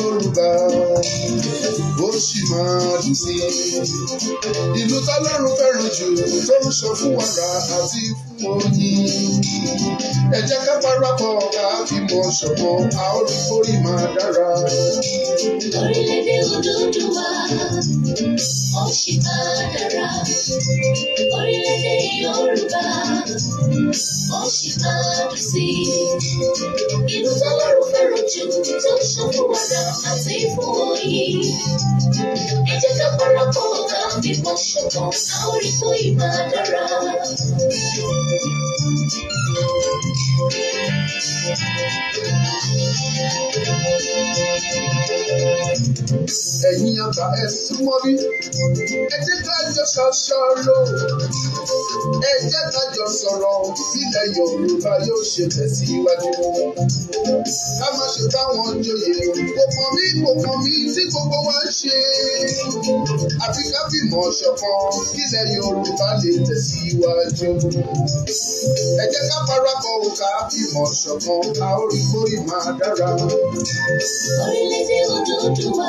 you gbà ó sì máa dùn sí i. Ìlú tọ́lọ́run fẹ́ràn jù tó ń sọ fún wàrà àti fún oyin. Ẹ jẹ́ ká parapọ̀ ká fi mọ̀ ṣọ̀kan a ó rí kórì máa dára. Orílẹ̀-èdè Odùduwà ó sì máa dára. Orílẹ̀-èdè Yorùbá ó sì máa dùn sí i. Ìlú tọ́lọ́run fẹ́ràn jù tó ń sọ fún wàrà àti. say for ye. Eja kapara ko kambi pasho ko sauri ko imadara. ẹ̀yin àgbà ẹ súnmọ́ bí ẹ jẹ́ ká jọ ṣàṣàrò ẹ jẹ́ ká jọ sọ̀rọ̀ bílẹ̀ Yorùbá yóò ṣe tẹ̀síwájú ká má ṣe báwọn joyè gbogbo mi gbogbo mi tí gbogbo wa ń ṣe àfi ká fìmọ̀ ṣọ̀kan kílẹ̀ Yorùbá lè tẹ̀síwájú ẹ ká parapọ̀ ká bímọ ṣọ̀kan a ó rí kórì máa dára. orílẹ̀-èdè Odùduwà.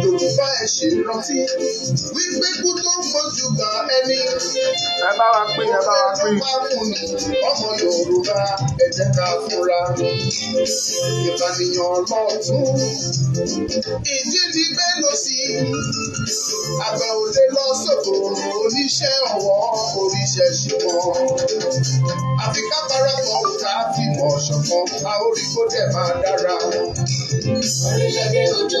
Yorùbá ẹ ṣe rántí wípé kú tó ń fojú gba ẹni. Ẹ bá wa pín ẹ bá wa pín. Ọmọ Yorùbá ẹ jẹ́ ká fura. Ìbànìyàn lọ́tún. Ìdíje gbé lọ sí. Àgbẹ̀ òde lọ sòkò oníṣẹ́ ọwọ́ oníṣẹ́ ṣùgbọ́n. Àfi ká parapọ̀ òkà fìmọ̀ ṣọ̀kan. A ó rí kó dẹ̀ máa dára. Oríṣẹ́ bí ojú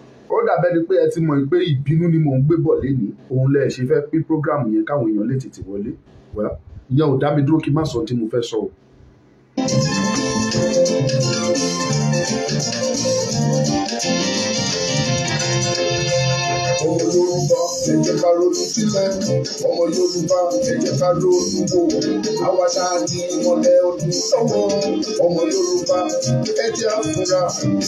ó dàbẹ́ ni pé ẹ ti mọ̀ pé ìbínú ni mò ń gbé bọ̀ lẹ́nu òun lẹ ṣe fẹ́ pín program yẹn káwọn èèyàn lè tètè wọlé well ìyẹn ò dá mi dúró kí n má sọ tí mo fẹ́ sọ o. Thank you ọmọ Yorùbá ẹ jẹ́ ká ronú sílẹ̀ ọmọ Yorùbá ẹ jẹ́ ká ronú wò àwa náà ní ìmọ́lẹ̀ ọdún sọ́wọ́ ọmọ Yorùbá ẹ jẹ́ àfúrà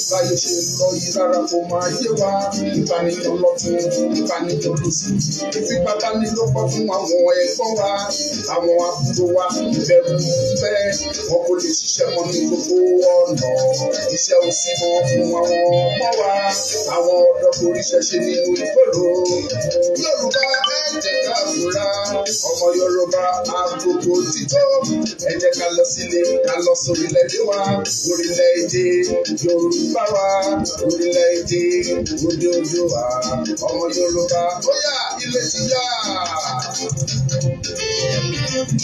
báyìí ṣe lọ yìí rárá kó máa yé wa ìbánijọ́ lọ́tún ìbánijọ́ lọ́sí ìfipábánilọ́pọ̀ fún àwọn ẹ̀kọ́ wa àwọn àbúrò wa ìbẹ̀rù fẹ́ wọn kò lè ṣiṣẹ́ mọ́ ní gbogbo ọ̀nà iṣẹ́ òsì mọ́ fún àwọn ọmọ wa àwọn ọ̀dọ́ kò ríṣẹ́ nínú ìkọ́ lòdò yorùbá ẹ jẹ́ ká fura ọmọ yorùbá àkókò ti tó ká lọ sílé ká lọ sórílẹ̀-èdè wa orílẹ̀-èdè yorùbá wa orílẹ̀-èdè òdòdó wa ọmọ yorùbá ó yá ilé ti yá. Olùdókòwò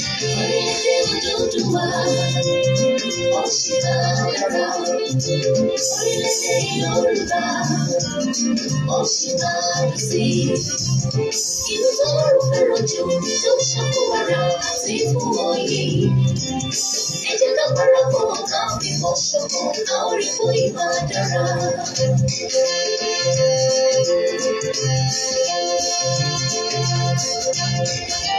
Thank you.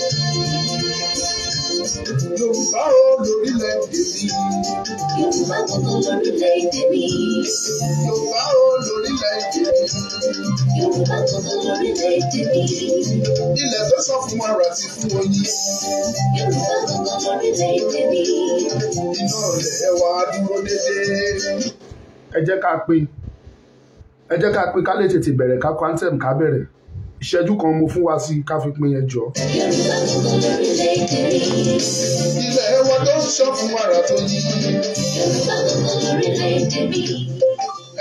Yorùbá ó lórílẹ̀-èdè mi. Yorùbá ó lórílẹ̀-èdè mi. Yorùbá ó lórílẹ̀-èdè mi. Yorùbá ó lórílẹ̀-èdè mi. Ilẹ̀ tó sọ fún wàrà ti fún oyin. Yorùbá ó lórílẹ̀-èdè mi. Iná rẹ̀ ẹwà dúró dédé. Ẹ jẹ́ ká pín ẹ jẹ́ ká pín ká lè tètè bẹ̀rẹ̀ ká kọ́ anthem ká bẹ̀rẹ̀ ìṣẹ́jú kan mo fún wa sí ká fi pín yẹn jọ. ilé wa ló ń ṣọ́ọ̀fù wàrà tó yí.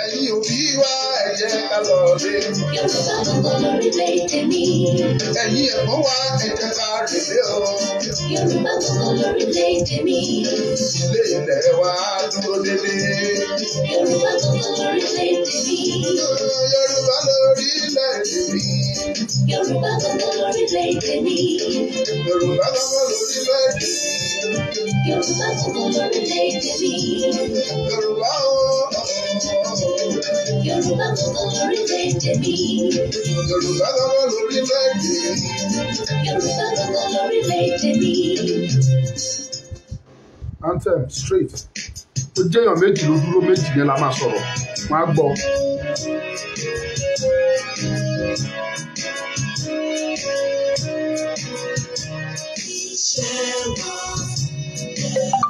ẹ̀yin òbí wa jẹ́ ká lọ rí. Yorùbá kọ́kọ́rọ́ rìlẹ̀-èdè mi. Ẹ̀yin relate to me. ká rìlẹ̀ o. Yorùbá kọ́kọ́rọ́ rìlẹ̀-èdè mi. You're wa dúró dédé. Yorùbá kọ́kọ́rọ́ rìlẹ̀-èdè mi. Yorùbá lórí ilẹ̀-èdè mi. Yorùbá kọ́kọ́rọ́ rìlẹ̀-èdè mi. Yorùbá kọ́kọ́rọ́ rìlẹ̀-èdè mi. Yorùbá kọ́kọ́rọ́ rìlẹ̀-èdè mi. Yorùbá me. Yorùbá lọ́wọ́ lórílẹ̀-èdè mi. Yorùbá lọ́wọ́ lórílẹ̀-èdè mi. Yorùbá lọ́wọ́ lórílẹ̀-èdè mi. Anthem straight. Ó jẹ́ èèyàn méjì ló dúró méjì yẹn la máa sọ̀rọ̀. Wọ́n á gbọ́. Thank you.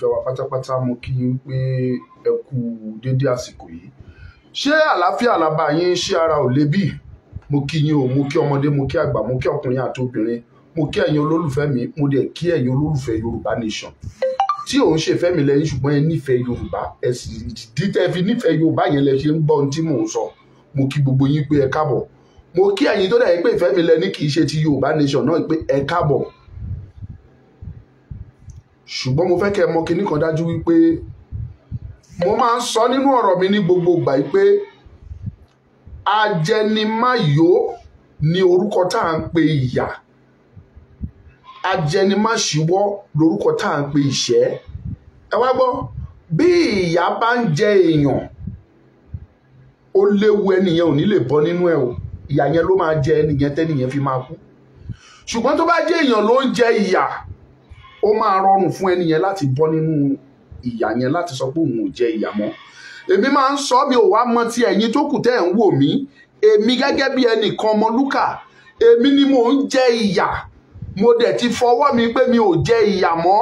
olólùfẹ́ wa pátápátá mo kí yín pé ẹ kú dédé àsìkò yìí ṣé àlàáfíà làbá yín ṣé ara ò lébì mo kí yín o mo kí ọmọdé mo kí àgbà mo kí ọkùnrin àti obìnrin mo kí ẹ̀yin olólùfẹ́ mi mo dẹ̀ kí ẹ̀yin olólùfẹ́ Yorùbá Nation tí òun ṣèfẹ́ mi lẹ́yìn ṣùgbọ́n ẹ nífẹ̀ẹ́ Yorùbá ẹ sì dídẹ́ fi nífẹ̀ẹ́ Yorùbá yẹn lẹ ṣe ń gbọ́ ohun tí mò ń sọ mo kí gbogbo yín pé ẹ káàbọ̀ mo kí ẹ̀yin tó dẹ̀ pé ìfẹ́ mi lẹ ní kì í ṣe ti Yorùbá Nation náà pé ẹ káàbọ̀ ṣùgbọ́n mo fẹ́ kẹ́ ẹ mọ kinní kan dájú wípé mo máa ń sọ nínú ọ̀rọ̀ mi ní gbogbo ìgbà yìí pé ajẹnimáyò ni orúkọ tá à ń pe ìyà ajẹnimáṣíwọ́ lorúkọ tá à ń pe ìṣẹ́ ẹ wá gbọ́ bí ìyà bá ń jẹ èèyàn ó léwu ẹnìyẹn ò ní lè bọ́ nínú ẹ̀ o ìyà yẹn ló máa jẹ ẹnìyẹn tẹ́nìyẹn fi máa kú ṣùgbọ́n tó bá jẹ́ èèyàn ló ń jẹ ìyà ó máa rọrùn fún ẹni yẹn láti bọ́ nínú ìyà yẹn láti sọ pé òun ò jẹ ìyà mọ́ èmi máa ń sọ mi ò wá mọ ti ẹ̀yin tó kù tẹ́ ẹ̀ ń wò mí èmi gẹ́gẹ́ bí ẹnìkan ọmọ lúkà èmi ni mò ń jẹ ìyà mo dẹ̀ ti fọwọ́ mi pé mi ò jẹ ìyà mọ́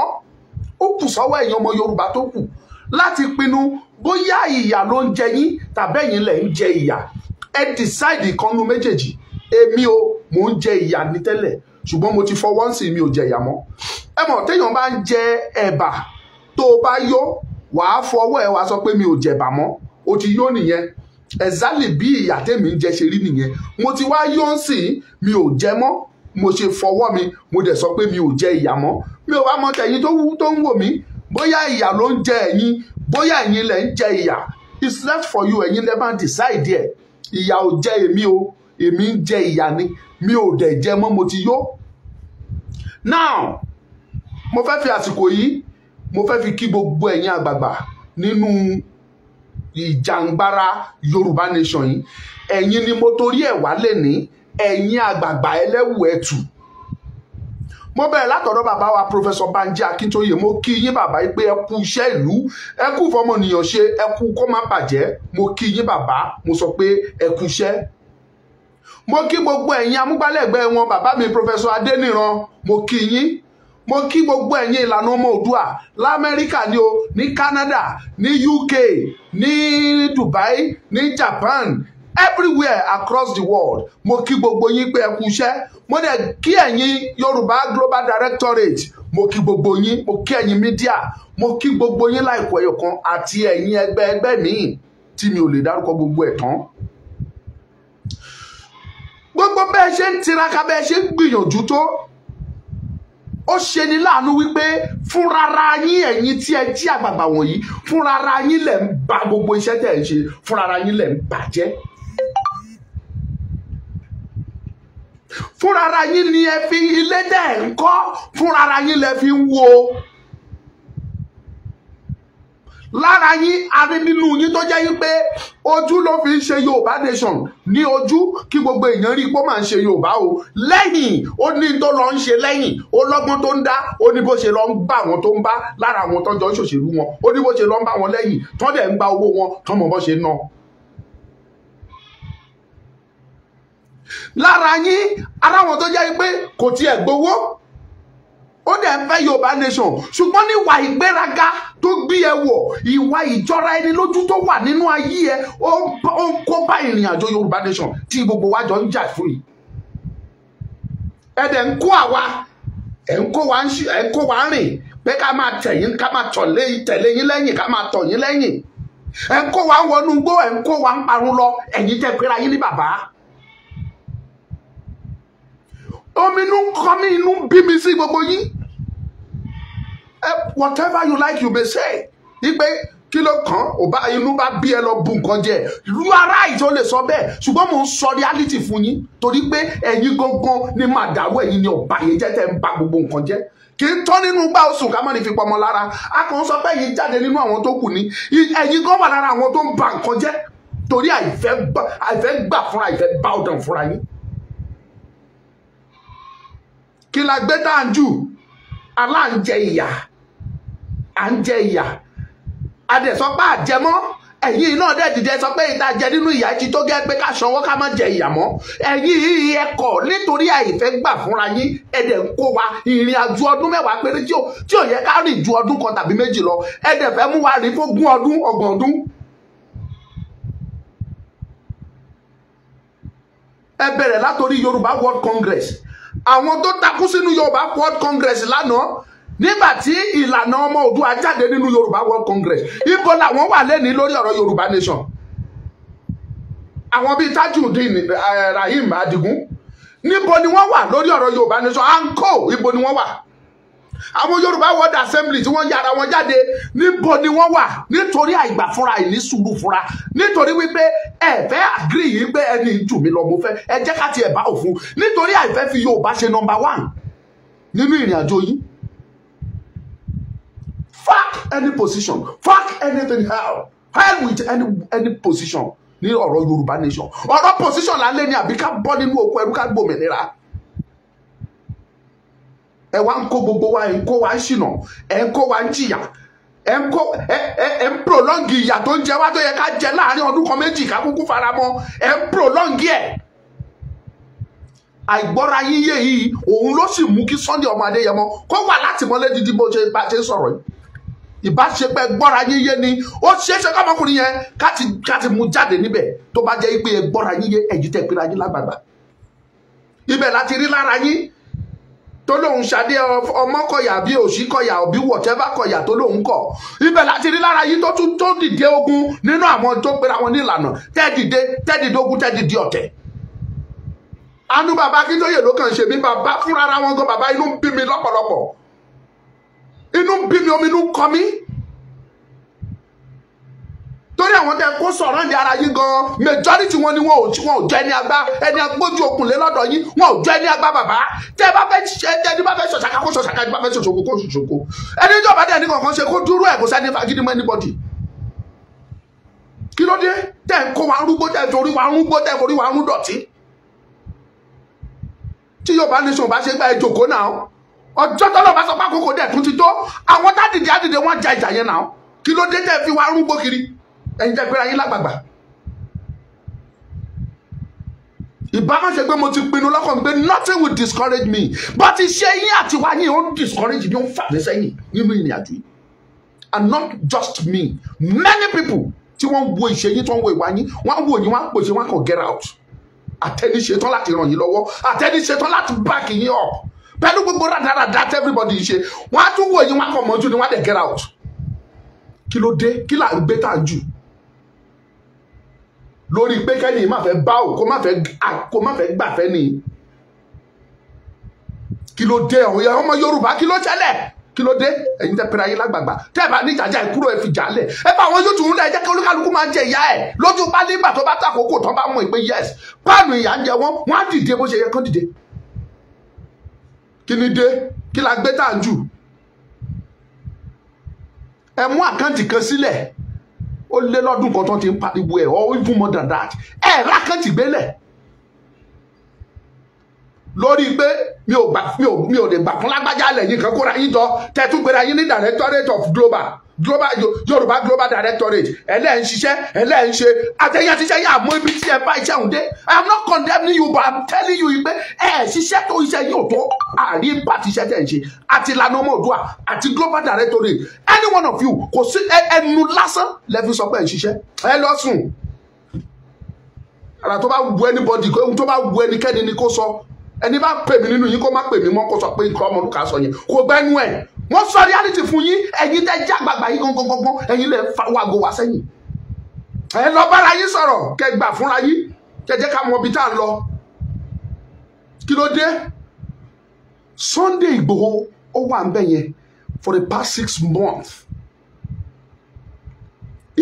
ó kù sọ́wọ́ ẹ̀yin ọmọ Yorùbá tó kù láti pinnu bóyá ìyà ló ń jẹ yín tàbẹ́yìn lẹ̀ ń jẹ ìyà ẹ decide ìkànnú méjèèjì èmi o mò ń jẹ ìyà ní tẹ́lẹ̀ ṣùgbọ́n mo ti fọwọ́ sí mi ò jẹ ìyà mọ́ ẹ mọ̀ téèyàn bá ń jẹ ẹ̀bà tó o bá yó wàá fọwọ́ ẹ wàá sọ pé mi ò jẹ̀bà mọ́ o ti yó nìyẹn ẹ̀zálì bí ìyà tèmi ń jẹ ṣe rí nìyẹn mo ti wá yó ń sìn mi ò jẹ mọ́ mo ṣe fọwọ́ mi mo dẹ̀ sọ pé mi ò jẹ ìyà mọ́ mi ò wá mọ tẹ̀yin tó ń wò mí bóyá ìyà ló ń jẹ ẹ̀yin bóyá ẹ̀yin lẹ̀ ń jẹ ìyà it's left for you ẹ̀yin lẹ́ máa decide ẹ̀ ìyà ò jẹ èmi o èmi ń jẹ ìyà ni mi ò dẹ̀ jẹ mọ́ mo ti yó now mo fẹ́ fi àsìkò yìí mo fẹ́ fi kí gbogbo ẹ̀yin àgbààgbà nínú ìjàngbara yorùbá nation yìí ẹ̀yin ni mo torí ẹ̀ wá lè ní ẹ̀yin àgbààgbà ẹlẹ́wù ẹ̀tù mo bẹ̀rẹ̀ látọ̀dọ̀ bàbá wa professor banji akintoye mo kí yín bàbá yìí pé ẹ kú iṣẹ́ ìlú ẹ kú fọmọnìyàn ṣe ẹ kú kó má bàjẹ́ mo kí yín bàbá mo sọ pé ẹ kú iṣẹ́ mo kí gbogbo ẹ̀yin amúgbálẹ́gbẹ̀ẹ́ wọn bàbá mi professor adéníran mo kí yín mo kí gbogbo ẹ̀yin ìlànà ọmọ òdua lamẹ́ríkà ni o ní Canada ní UK ní Dubai ní Japan everywhere across the world mo kí gbogbo yín pé ẹ kú iṣẹ́ mo dẹ̀ kí ẹ̀yin Yorùbá Global Directorate mo kí gbogbo yín mo kí ẹ̀yin mídíà mo kí gbogbo yín láìpọ̀ ẹ̀yọ̀ kan àti ẹ̀yin ẹgbẹ́ ẹgbẹ́ míì tí mi ò lè dárúkọ gbogbo ẹ̀ tán gbogbo bẹ́ẹ̀ ṣe ń tiraka bẹ́ẹ̀ ṣe ń gbìyànjú tó ó ṣe ni láàánú wípé fúnrara yín ẹ̀yin tí ẹ jí àgbààgbà wọ̀nyí fúnrara yín lẹ̀ ń ba gbogbo iṣẹ́ tẹ̀ ń ṣe fúnrara yín lẹ̀ ń bàjẹ́ fúnrara yín ni ẹ fi ilé dẹ̀ ń kọ́ fúnrara yín lẹ fi ń wo lára yín a rí nínú yín tó jẹ́ yín pé ojú ló fi ń ṣe yorùbá nation ní ojú kí gbogbo èèyàn rí pé ó máa ń ṣe yorùbá o lẹ́yìn ó ní tó lọ ń ṣe lẹ́yìn ó lọ́gbọ́n tó ń dá ó ní bó ṣe lọ ń bá àwọn tó ń bá lára àwọn tó ń jọ ń ṣòṣèlú wọn ó ní bó ṣe lọ ń bá wọn lẹ́yìn tó dẹ̀ ń gba owó wọn tó mọ̀ bó ṣe ná. lára yín ara tó jẹ́ pé kò tiẹ̀ gbowó ó dẹ̀ ń fẹ́ yorùbá nation ṣùgbọ́n níwà ìgbéraga tó gbé ẹ wọ̀ ìwà ìjọra ẹni lójú tó wà nínú ayé ẹ ó ń kó bá ìrìn àjò yorùbá nation tí gbogbo wa jọ ń jà fún yìí ẹ dẹ̀ ń kó àwa ẹ ń kó wa ń kó wa rìn pé ká máa tẹ̀yìn ká máa tẹ̀lé yín lẹ́yìn ká máa tọ̀ yín lẹ́yìn ẹ ń kó wa ń wọnú gbó ẹ ń kó wa ń parun lọ ẹ̀yin tẹ́ péra yín ní bàbá. omi inú kọ́ mi inú ń bí mi sí gbogbo yín Eh, whatever you like you may say wípé kí ló kàn ó bá inú bá bí ẹ lọ bu nǹkan jẹ you are right ó lè sọ bẹ́ẹ̀ ṣùgbọ́n mò ń sọ reality fún yín torí pé ẹ̀yin gangan ni màdàwọ̀ ẹ̀yin ni ọ̀bà yẹn jẹ́ tẹ́ ń ba gbogbo nǹkan jẹ́ kì í tọ́ nínú gbà oṣù ká má ní fi pọmọ lára a kàn ń sọ pé ẹ̀yin jáde nínú àwọn tó kù ní ẹ̀yin gan wà lára àwọn tó ń ba nǹkan jẹ́ torí àìfẹ́ gbà fúnra àìfẹ́ bá ọ̀dàn fúnra yín kí la gbé dáa jù aláǹjẹ ìyá à ń jẹ ìyà adẹ̀sọ́pá àjẹmọ́ ẹ̀yin náà dẹ̀ dìde sọ pé ìta jẹ nínú ìyà ti tó gẹ́ pé ká sanwó ká má jẹ ìyà mọ́ ẹ̀yin yìí ẹkọ̀ nítorí àìfẹ́ gbà fúnra yín ẹ̀dẹ̀ ń kó wa ìrìn àjò ọdún mẹ́wàá péré tí ò yẹ ká rìn ju ọdún kan tàbí méjì lọ ẹ̀dẹ̀ fẹ́ mú wa rìn fógún ọdún ọgbọ̀n ọdún. ẹ bẹ̀rẹ̀ látòrí Yorùbá World Congress àwọn tó takú sínú Yorùbá World Congress lánàá nígbà tí ìlànà ọmọ Oòduà jáde nínú Yorùbá World Congress ibo làwọn wà lẹ́ni lórí ọ̀rọ̀ Yorùbá Nation àwọn bíi Tajudeen eh, Rahim Adigun níbo ni wọ́n wà lórí ọ̀rọ̀ Yorùbá Nation anko ibo ni wọ́n wà àwọn Yorùbá World Assembly tí wọ́n yára wọn jáde níbo ni wọ́n wà nítorí àìgbà fúnra ìní sùúrù fúnra nítorí wípé ẹ fẹ́ àgírí yìí pé ẹni jù mí lọ mo fẹ́ ẹ jẹ́ ká tiẹ̀ bá òfin nítorí àìfẹ́ fi Yorùbá ṣe nọmba one nínú ìrìn àjò yìí fuck any position fuck anything hell hell with any any position ní ọ̀rọ̀ yorùbá nation ọ̀rọ̀ position lálẹ́ ni àbí ká bọ́ nínú oko ẹrú ká gbòmìnira ẹ wá ń kó gbogbo wa ẹ ń kó wa ń ṣìnà ẹ ń kó wa ń jìyà ẹ ń kó ẹ ẹ ń prolong ìyà tó ń jẹ wá tó yẹ ká jẹ láàrin ọdún kan méjì ká kúkú fara mọ́ ẹ ń prolong ẹ àìgbọ́ra yíyé yìí òun ló sì mú kí Sunday ọmọ Adéyẹmọ kó wà látìmọ́lé dídí bó ṣe bá ṣe sọ̀rọ̀ yìí ìbáṣepẹ gbọ́ra yíyé ni ó ṣeéṣe kọ́mọkùnrin yẹn káti káti mú jáde níbẹ̀ tó bá jẹ́ pé gbọ́ra yíyé ẹ̀yìn tẹ̀ pera yín lágbàgbà ibẹ̀ láti rí lára yín tó lóun ṣadé ọmọkọyà bí òṣìkọyà òbí wọtẹbà kọyà tó lóun kọ ibẹ̀ láti rí lára yín tó tún tó dìde ogun nínú àwọn tó pera wọn ní ìlànà tẹdìde tẹdìde ogun tẹdìde ọ̀tẹ̀ anú bàbá akíntóyè ló kàn ṣe mí bàbá fúnra wọn gan bàbá inú bí mi lọ́pọ̀lọpọ̀ inú ń bí mi omi inú ń kọ mí torí àwọn tẹ kó sọ̀rọ̀ ní ara yín gan majority wọn ni wọn ò tí wọn ò jọ ẹni agbá ẹni agbójú okùn lé lọ́dọ̀ yín wọn ò jọ ẹni agbá bàbá tẹ bá fẹ́ ṣe ẹni bá fẹ́ ṣọ̀ṣàkà kó ṣọ̀ṣàkà ẹni bá fẹ́ ṣòṣòkò kó ṣòṣòkò ẹni tí ọba dẹ̀ ní kankan ṣe kó dúró ẹ̀ kó sẹ́ni fagídí mọ́ anybody. kí ló dé tẹ̀ ń kó wa arúgbó tẹ̀ torí wa arúgbó tẹ̀ forí wa arúgbó dọ̀tí tí Yorùbá nation bá ṣe gbá ẹ jòkó náà ọjọ́ tọ́lọ̀ bá sọ pé àkókò dẹ̀ tún ti tó àwọn tádìdì àdìdì wọn ja ìjà yẹn náà kí ló dé tẹ́ fi wá rúgbó kiri ẹ̀yin tẹ́ gbéra yín lágbàgbà. ìbámu ṣe pé mo ti pinnu lọ́kàn pé nothing will discourage me but ti ṣe yín àti wá yín ń discourage mi ó ń fà mí sẹ́yìn nínú ìrìn àjò yìí and not just me many people tí wọ́n ń wo ìṣe yín tí wọ́n ń wo ìwà yín wọ́n ń wo yín wọ́n ń pòṣe wọ́n kàn get out àtẹniṣetán láti ràn yín lọ́wọ́ àtẹniṣetán láti back yín up pẹ̀lú gbogbo rádaràdà tẹ́ everybody ṣe wọ́n á tún wò yín wọ́n á kọ̀ mọ́jú ni wọ́n á dẹ̀ get out kí ló dé kí là ń gbé tà jù lórí pé kẹ́ni má fẹ́ bá ò kó má fẹ́ kó fẹ́ ni kí ló dé ọ̀hún ọmọ Yorùbá kí ló ṣẹlẹ̀ kí ló dé ẹ̀yin tẹ́ pẹ́ra yín lágbàgbà tẹ́ ẹ̀ bá ní ìjàjà ìkúrò ẹ̀ fi jàálẹ̀ ẹ bá àwọn yóò lẹ̀ jẹ́ kí olúkálukú máa jẹ ìyá ẹ̀ lójú bá nígbà tó bá tàkókò tó bá mọ̀ pé yes páànù ìyá ń jẹ wọ́n wọ́n á dìde bó ṣe yẹ kán dìde kí ni dé kí la gbé tàn jù ẹ mú àkáǹtì kan sílẹ̀ ó lé lọ́dún kan tó ti ń pariwo ẹ̀ or even more than that ẹ̀ rákàǹtì gbélẹ̀ lórí pé mi ò gbà mi ò mi ò lè gbà fún lágbájá lẹ́yìn kan kóra yín jọ tẹ́tún gbéra yín ní directorate of global global yorùbá global directorate ẹlẹ́yìn ṣiṣẹ́ ẹlẹ́yìn ṣe àtẹ̀yìn àtiṣẹ́ yà mọ ibi tí ẹ bá iṣẹ́ òun dé i am not condemning you but i am telling you pé ẹ ṣiṣẹ́ tó iṣẹ́ yóò tó àrí pàtí iṣẹ́ tẹ̀ ń ṣe àti ìlànà ọmọ òdua àti global directorate any one of you kò sí ẹnu lásán lẹ́fi sọ pé ẹ̀ ń ṣiṣẹ́ ẹ lọ sùn ara tó bá wù anybody kó tó bá wù ẹnikẹ́ni ni kó sọ ẹni bá pè mí nínú yín kó má pè mí mọ́ kó sọ pé nǹkan ọmọlúkà sọ yẹn kò gbẹ́nu ẹ̀ wọ́n sọ reality fún yín ẹ̀yin tẹ́ jẹ́ àgbààgbà yín gangan ẹ̀yin lè wàgò wá sẹ́yìn ẹ̀ lọ bára yín sọ̀rọ̀ kẹ́ gbà fúnra yín kẹ́ jẹ́ ká mọ ibi tá à ń lọ kí ló dé Sunday Igboho ó wà ń bẹ̀ yẹn for the past six months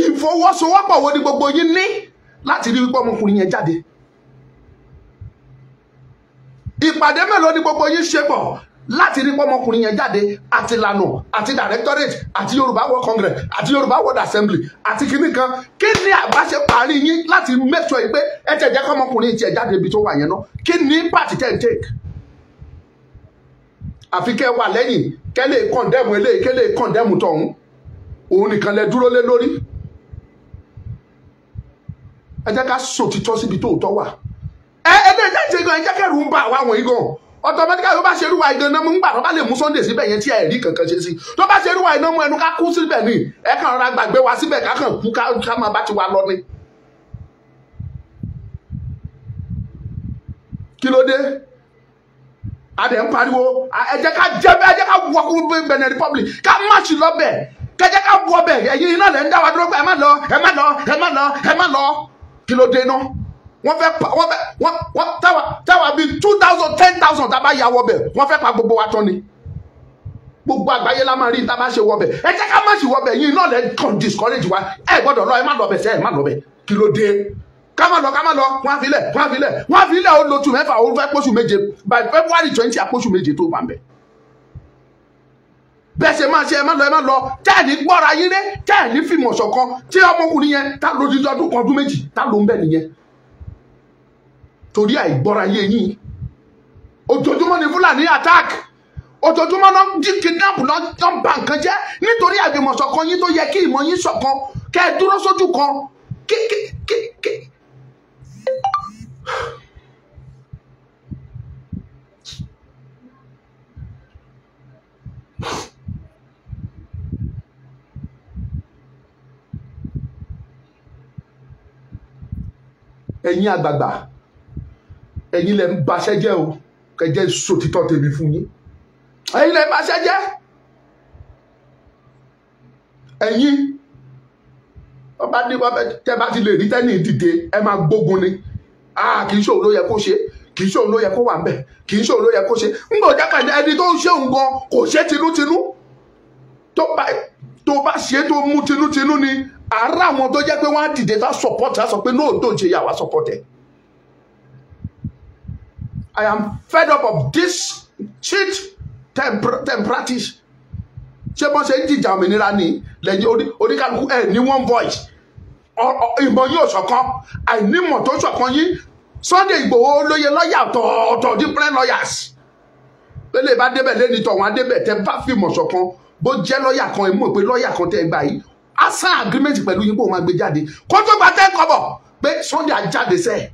ìfọwọ́sowọ́pọ̀ wo ni gbogbo yín ní láti rí wípé ọmọkùnrin yẹn jáde ìpàdé mélòó ni gbogbo yín ṣe pọ̀ láti rí pọ́mọkùnrin yẹn jáde àti lànà àti directorate àti yorùbá world congress àti yorùbá world assembly àti kìnnì kan kí ni àbáṣe parí yín láti make sure pé ẹ tẹ̀ jẹ́ kọ́mọkùnrin tiẹ̀ jáde ibi tó wà yẹn náà kí ni party ten take àfi kẹ́ wà lẹ́yìn kẹ́ lè kọ̀ndẹ́mù eléyìí kẹ́ lè kọ̀ndẹ́mù tọ̀hún òun nìkan lẹ dúró lé lórí ẹ jẹ́ ká sòtítọ́ síbi tó tọ́ wà ẹ ẹ lè jẹ́ ìṣègùn ẹ jẹ́ kẹ́rù ń bà wá wọ̀nyí gan-an automatically tó bá ṣe irúwa ìgan náà mú gbà tó bá lè mú Sunday síbẹ̀ yẹn tí ẹ rí kankan ṣe sí tó bá ṣe irúwa iná mú ẹnu ká kú síbẹ̀ ni ẹ kàn rọra gbàgbé wa síbẹ̀ ká kàn kú ká máa bá ti wa lọ ni. kí ló dé adẹ̀ ń pariwo ẹ jẹ́ ká jẹ́ ẹ jẹ́ ká wọkú Benin Republic ká máàṣì lọ́bẹ̀ ká jẹ́ ká wọ bẹ̀ ẹ̀yin iná lẹ́ ń dá wa dúró pé ẹ má lọ ẹ má lọ ẹ má lọ ẹ má lọ kí ló dé náà wọ́n fẹ́ pa wọ́n fẹ́ wọ́n wọ́n táwa táwa bíi two thousand ten thousand tá a bá ya wọ bẹ̀ wọ́n fẹ́ pa gbogbo wa tán ni gbogbo àgbáyé la máa rí tá a bá ṣe wọ bẹ̀ ẹ jẹ́ ká má ṣe wọ bẹ̀ yìí náà lẹ́ kàn discourage wa ẹ gbọ́dọ̀ lọ ẹ má lọ bẹ̀ sẹ́ ẹ má lọ bẹ̀ kí ló dé ká má lọ ká má lọ wọ́n á filẹ̀ wọ́n á filẹ̀ wọ́n á filẹ̀ ó lo tù mẹ́fà ó fẹ́ pósù méje by February twenty àpósù méje tó bá ń bẹ̀ bẹ́ẹ̀ ṣe máa ṣe ẹ má lọ ẹ má lọ tẹ́ẹ̀lì gbọ́ra yín dé tẹ́ẹ̀lì fìmọ̀ ṣọ̀kan tí ọmọkùnrin yẹn ta ló ti dọdún kan ọdún méjì ta ló ń bẹ̀ nìyẹn torí àìgbọ́rayé yín ojoojúmọ́ ni fúlàní attack ojoojúmọ́ náà jí kidnap náà ń ba nǹkan jẹ́ nítorí àjùmọ̀ṣọ̀kan yín tó yẹ kí ìmọ̀ yín ṣọ̀kan kẹ́ ẹ dúró sójú kan kí kí kí kí. ẹ̀yin àgbààgbà ẹ̀yin lẹ̀ ń baṣẹ́ jẹ́ o kẹjẹ́ sòtítọ́ tèmi fún yín ẹ̀yin lẹ̀ ń baṣẹ́ jẹ́ ẹ̀yin ọba ní wọn tẹ́ bá ti lè rí tẹ́ni dìde ẹ máa gbógun ni kì í ṣòun ló yẹ kó ṣe kì í ṣòun ló yẹ kó wà ńbẹ̀ kì í ṣòun ló yẹ kó ṣe ń gbọ́dọ̀ jákàndé ẹni tó ń ṣe òun gan kò ṣe tinútinú tó bá tó bá ṣe tó mú tinútinú ni àárọ̀ àwọn tó jẹ́ pé wọ́n á dìde tá support á sọ pé lóòótọ́ ṣe yà wá support ẹ̀. I am fed up of this cheat temperatives ṣé bọ́n ṣe ń jìjà òmìnira ni lẹ́yìn oníkálukú ẹ̀ ní one voice ìmọ̀ yóò ṣọ̀kan àìnímọ̀ tó ṣọ̀kan yín Sunday Igboho lóye lọ́ọ̀yà ọ̀tọ̀ọ̀tọ̀ different lawyers lélẹ̀ bá débẹ̀ lẹ́ni tọ̀hún adébẹ̀ tẹ́ bá fìmọ̀ ṣọ̀kan bó jẹ́ lọ́ọ̀yà kan ìmọ̀ pé lọ́ọ̀yà kan tẹ́ gbà yìí asan agreement pẹ̀lú yín kó o máa gbé jáde kó tó gba tẹ́ kọ́bọ̀ pé Sunday ajáde sẹ́ẹ̀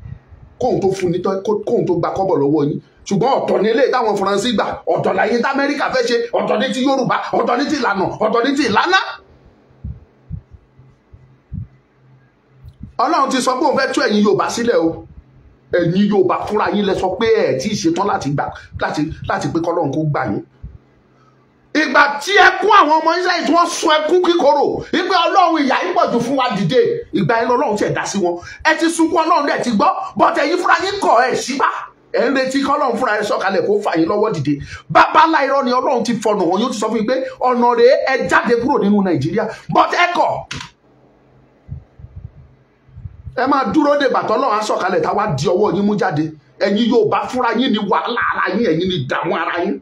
kóhun tó fún ni kóhun tó gba kọ́bọ̀ lọ́wọ́ yín ṣùgbọ́n ọ̀tọ̀ ní ilé táwọn faransé gbà ọ̀tọ̀ láyé tá amẹ́ríkà fẹ́ ṣe ọ̀tọ̀ ní ti yorùbá ọ̀tọ̀ ní ti ìlànà ọ̀tọ̀ ní ti ìlànà. ọlọ́run ti sọ pé òun fẹ́ tú ẹ̀yin yorùbá sílẹ̀ o ẹ̀yin yorùbá fúnra yín lẹ sọ pé ẹ̀ tí ì ṣetán láti gbà láti láti pé kọ́lọ́run kó gbà yín ìgbà tí ẹkún àwọn ọmọ israẹli tí wọ́n sun ẹkún kíkorò ìgbà ọlọ́run ìyà yìí pọ̀jù fún wa dìde ìgbà yẹn ọlọ́run tiẹ̀ dá sí wọn ẹ ti sunkún ọlọ́run dẹ̀ ti gbọ́ bọ́tẹ̀ yìí fúnra yín kọ̀ ẹ̀ síbà ẹ̀ ń retí kọ́lọ́run fúnra ẹ̀ sọ̀kalẹ̀ kó fà yín lọ́wọ́ dìde babalá irọ́ ni ọlọ́run ti fọnù wọn yóò ti sọ fún yín pé ọ̀nà rèé ẹ jáde kúrò nínú nàìjíríà bọ́tẹ̀ ẹ kọ̀ ẹ máa dúró dè bàtọ́ lọ́wọ́ sọ̀kalẹ̀ táwa di ọwọ́ yín mú jáde ẹ̀yin yóò bá fúnra yín ní wàhálà ara yín ẹ̀yin ní dààmú ara yín